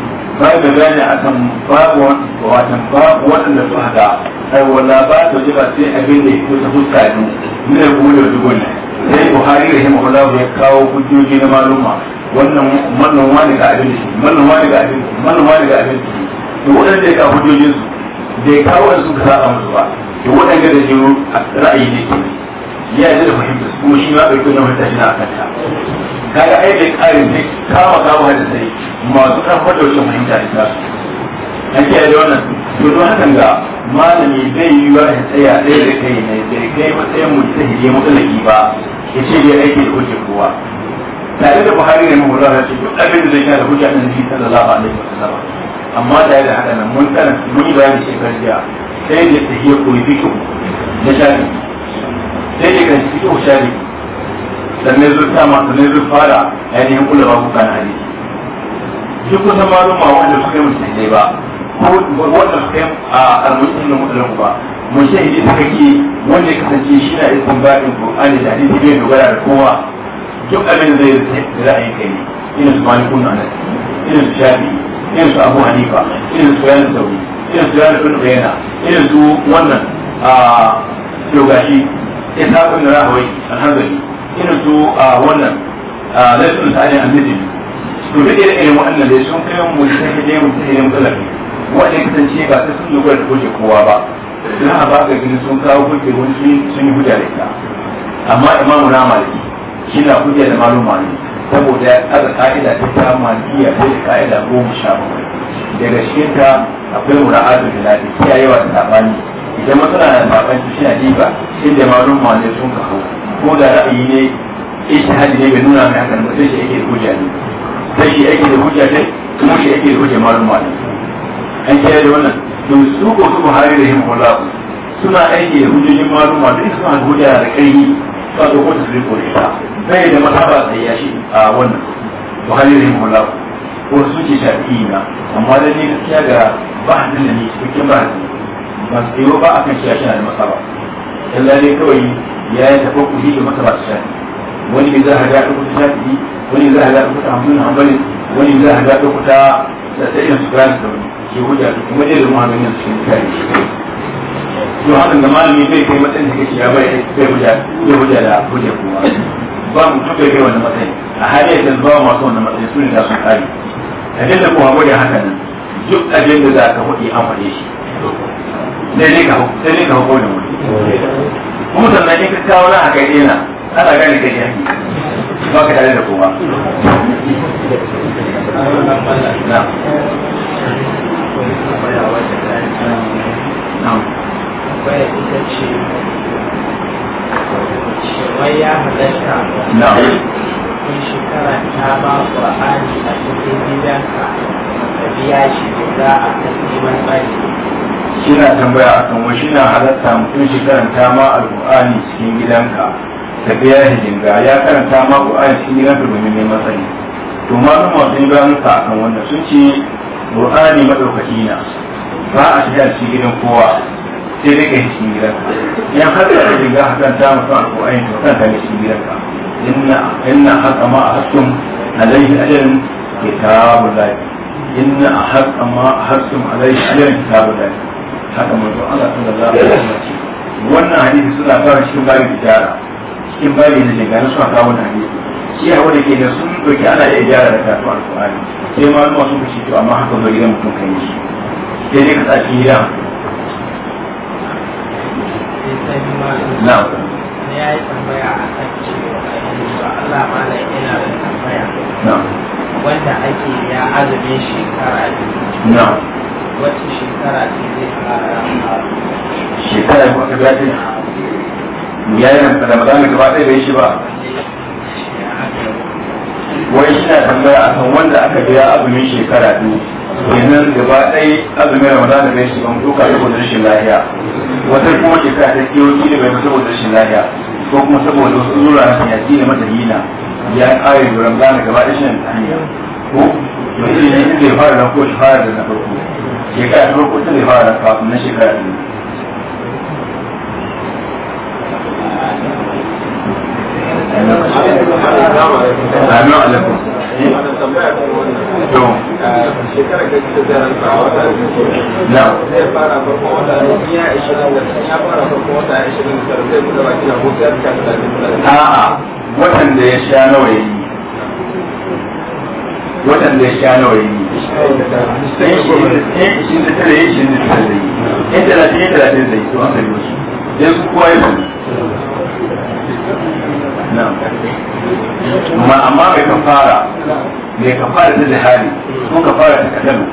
babu bayani akan babu watan babu waɗanda su haka ai wala ba ta ji ba sai abin da ta ne ne ko da dugun sai Buhari rahimahullahu ya kawo hujjoji na maluma wannan manoma ne ga abin shi manoma ne ga abin manoma ne ga abin to waɗanda ya kawo hujjojin da ya kawo su ka musu ba waɗanda da ne ya yi da fahimta kuma shi ma ɗauki wannan fahimta shi na a kanta kaga ai da karin ne kama kama da sai masu karfar da wancan fahimta ita an kiyaye da wannan to don hakan ga malami zai yi wa ya tsaya ɗaya da kai ne bai kai matsayin mu ta hidiye matsalaki ba ya ce ya aiki da hujjar kowa tare da buhari ne mu rawa ce duk abin da zai kana da hujja nan bi sallallahu alaihi wasallam amma da tare da haka nan mun kana mun yi bayani shekarar jiya sai da tahiyya ko yi fikin na shari'a sai ya ganci ko shari sannan zo ta ma sannan zo fara ainihin ulama ku kana ne shi kusan maluma wanda suka yi musulmai ba ko wanda suka yi a almusulmi na musulmi ba mushahidi suka ke wanda ya kasance shi na isin ba'in qur'ani da hadisi bai dogara da kowa duk abin da zai yi kai ne irin su maliku na nan su shafi irin su abu hanifa irin su yana sauri irin su yana bin bayana irin su wannan a gashi. إسحاق بن راهوي ina إنه a wannan ليس مسألة عن مثل to duk irin irin waɗannan dai sun kai mu shi ne dai mu sai mu talabi wanda ya kasance ba sai sun dogara da goje kowa ba don haka ba ga gani sun kawo goje wani sun yi hujja da ita amma imamu na maliki shi na hujja da malum maliki saboda ya tsara ka'ida ta ta malikiya ko da ka'ida goma sha bakwai daga cikin ta akwai mura'atu da lafiya yawa da sabani idan matsala na babanci shi na ba sai da malum mawani sun kawo ko da ra'ayi ne ishihadi ne bai nuna mai haka ba sai shi yake da hujja ne sai shi yake da hujja ne kuma shi yake da hujja malum mawani an kiyaye da wannan don su ko su buhari da himu Allah suna aiki da hujjojin malum mawani suna da hujja da kai ba su ko su riko ita sai da masaba sai ya shi a wannan buhari da himu Allah ko su ce shafi'i na amma da ni gaskiya ga ba da ni cikin ba masu tsayo ba akan shi shi da masaba illa ne kawai ya yi tafi kushi da masaba su shafi wani bai za a ga ɗauku ta shafi wani za a ga ɗauku ta hamsin hambalin wani za a ga ɗauku ta tsayin su kayan da ke hujja su kuma ɗaya da muhammadin su cikin kare shi to hakan da malami bai kai matsayin da kake ya bai bai hujja bai hujja da hujja kuma ba mu tuka kai wannan matsayi a halin yanzu ba masu wannan matsayi su ne da sun kare abin da kuma gode haka nan duk abin da za ka faɗi an faɗe shi sai ne ka sai ne ka hako kuma sannan in kawo nan a kai dina ana gane kai shi ba ka tare da kowa na wai ya halatta in shekara ta ba Qur'ani a cikin gidanka ka biya shi da za a kan neman tsari shi tambaya a kan wasu na halatta mutum shi karanta ma alƙur'ani cikin gidanka da biya hijinga ya karanta ma alƙur'ani cikin gidanka domin neman sani to malama sun yi bayanuka a kan wannan sun ce alƙur'ani maɗaukaki na ba a shiga cikin gidan kowa sai dai ka yi cikin gidanka yan haka da hijinga hakanta mutum alƙur'ani to kanta ne cikin gidanka inna haka ma a hakkun alaihi ajalin kitabun inna a haka ma a hakkun alaihi ajalin kitabun haka manzo Allah sallallahu alaihi wasallam ce wannan hadisi suna fara cikin babu tijara cikin babin da shiga suna suka kawo wannan hadisi shi ya wanda ke da sun doki ana iya gyara da karatu alƙur'ani sai ma ma sun fice to amma haka bai gidan mutum kan yi sai dai ka sa cikin gida na'am ya yi tambaya a kan cewa Allah ma na ina da tambaya wanda ake ya azumin shekara biyu wacce shekara ce zai fara shekara ko ta gaji ya yi nan da ba gaba ɗaya bai shi ba wai shi na tambaya a kan wanda aka biya azumin shekara biyu kenan gaba ɗaya azumin ramadan da bai shi ban duka saboda rashin lafiya wata kuma shekara ta kiyoyi da bai saboda rashin lafiya ko kuma saboda wasu lura na yaki da mata hina ya ƙare da ramadan gaba ɗaya shi ne ta hanya ko mutum ne inda ya fara da ko shi fara da na farko shekara ta uku ta fara kafin na shekara ta Assalamu alaikum. To. Shekara ka ce da ran ba wata Na. Zai fara farko wata ya 20 ya fara farko wata 20 zai buɗe baki na hutu ya ka da A'a, watan da ya sha nawa yayi. Watan da ya sha nawa yayi. yan talatin yan kowa ya faɗi ma amma bai kafara bai kafara ta jihari ko kafara ta kadamu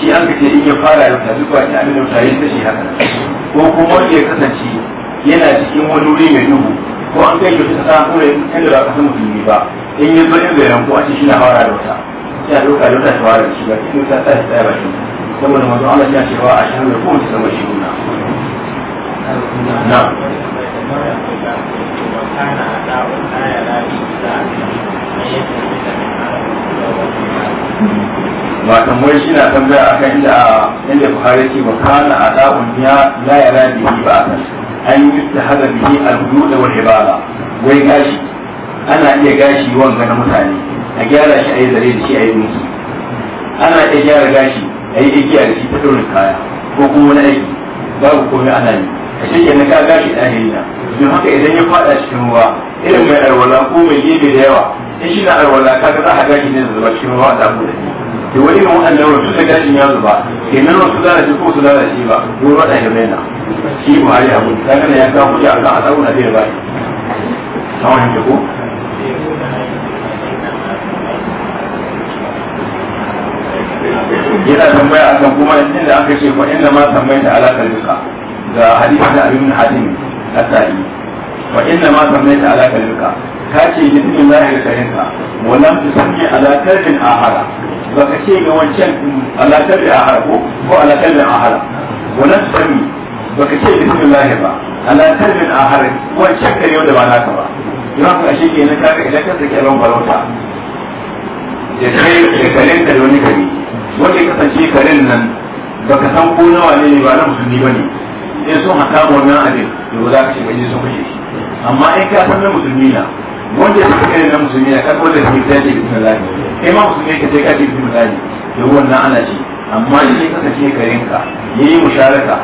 shi an ka ce in ya fara ya tafi ba ta amina ta yi tashi haka ko kuma ya kasance yana cikin wani wuri mai duhu ko an kai shi ta sa kuma kan da ba ka san musulmi ba in ya zo in bai ranko a ce shi na fara da wata ya doka tawara da cikin tsaya ya cewa a shan da ko zama shi kuna na ba shi na tambaya a kan inda inda buhari ce ba kana a da'un ya la ya la bihi ba an yi ta bihi al wai gashi ana iya gashi wanga na mutane a gyara shi a yi zare da shi a yi wuki ana iya gyara gashi a yi igiya da shi ta tsoron kaya ko kuma wani aiki babu komai ana yi a cikin na ka gashi da na don haka idan ya faɗa cikin ruwa irin mai arwala ko mai gebe da yawa in shi na arwala ka ga za a gashi ne zuba cikin ruwa da abu da ne da wani irin waɗannan wasu da gashin ya zuba nan wasu lalace ko su lalace ba ko ruwa ya mena na shi buhari abu ta kana ya kawo kuɗi a kan a tsawon a zai ba. Tsawon ko? yana tambaya a kan kuma inda aka ce ko inda ma ta ala kalbika ga hadisi da abin hadin asali wa inda ma ta ala kalbika ka ce bismi zahir karinka wa lam tusammi ala kalbin ahara ba ka ce ga wancan um, ala kalbin ahara ko ko ala kalbin ahara wa lam tusammi ba ka ce bismi zahir ba ala kalbin ahara wancan kare da ba naka ba yana ka ashe kenan ka ga idan ka sake ran farauta ya kai da karinka da wani kare wanda kasance karen nan baka san ko nawa ne ba na musulmi ba ne in sun haka wannan abin to za ka shiga in sun kashe shi amma in ka san na musulmi na wanda suka kare na musulmi na ka da suke tashi ce bismi kai ma musulmi ka ce ka ce bismi da to wannan ana ce amma in ya kasance karen ka yi musharaka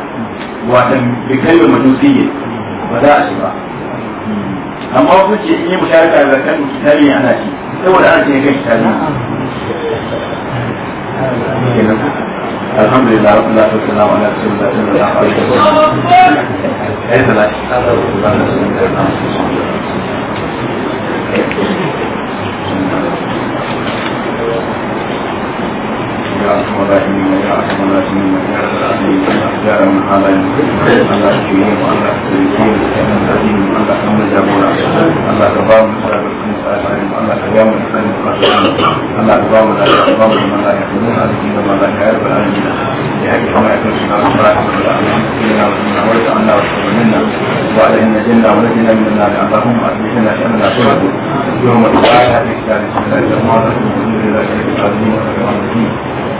watan bikai majusi ne ba za a ci ba amma wasu ce in yi musharaka da kan kitabi ana ci saboda ana ce kan kitabi الحمد لله رب العالمين والسلام على رسول الله صلى الله عليه وسلم. يا أرحم الراحمين يا أرحم الراحمين يا رب العالمين يا من حالين الله كريم الله كريم العظيم الله من جبورا الله تبارك وتعالى الله تبارك وتعالى الله تبارك وتعالى الله من لا يحزنون عليك وما لا يعرف العالمين بحق ما يكون في الله سبحانه وتعالى إنا وإنا ورد عنا واشكر منا وعلى إن جنا ونجنا من النار اللهم أجلسنا شأننا كله يوم القيامة في الثالث من الجمعة الحمد لله رب العالمين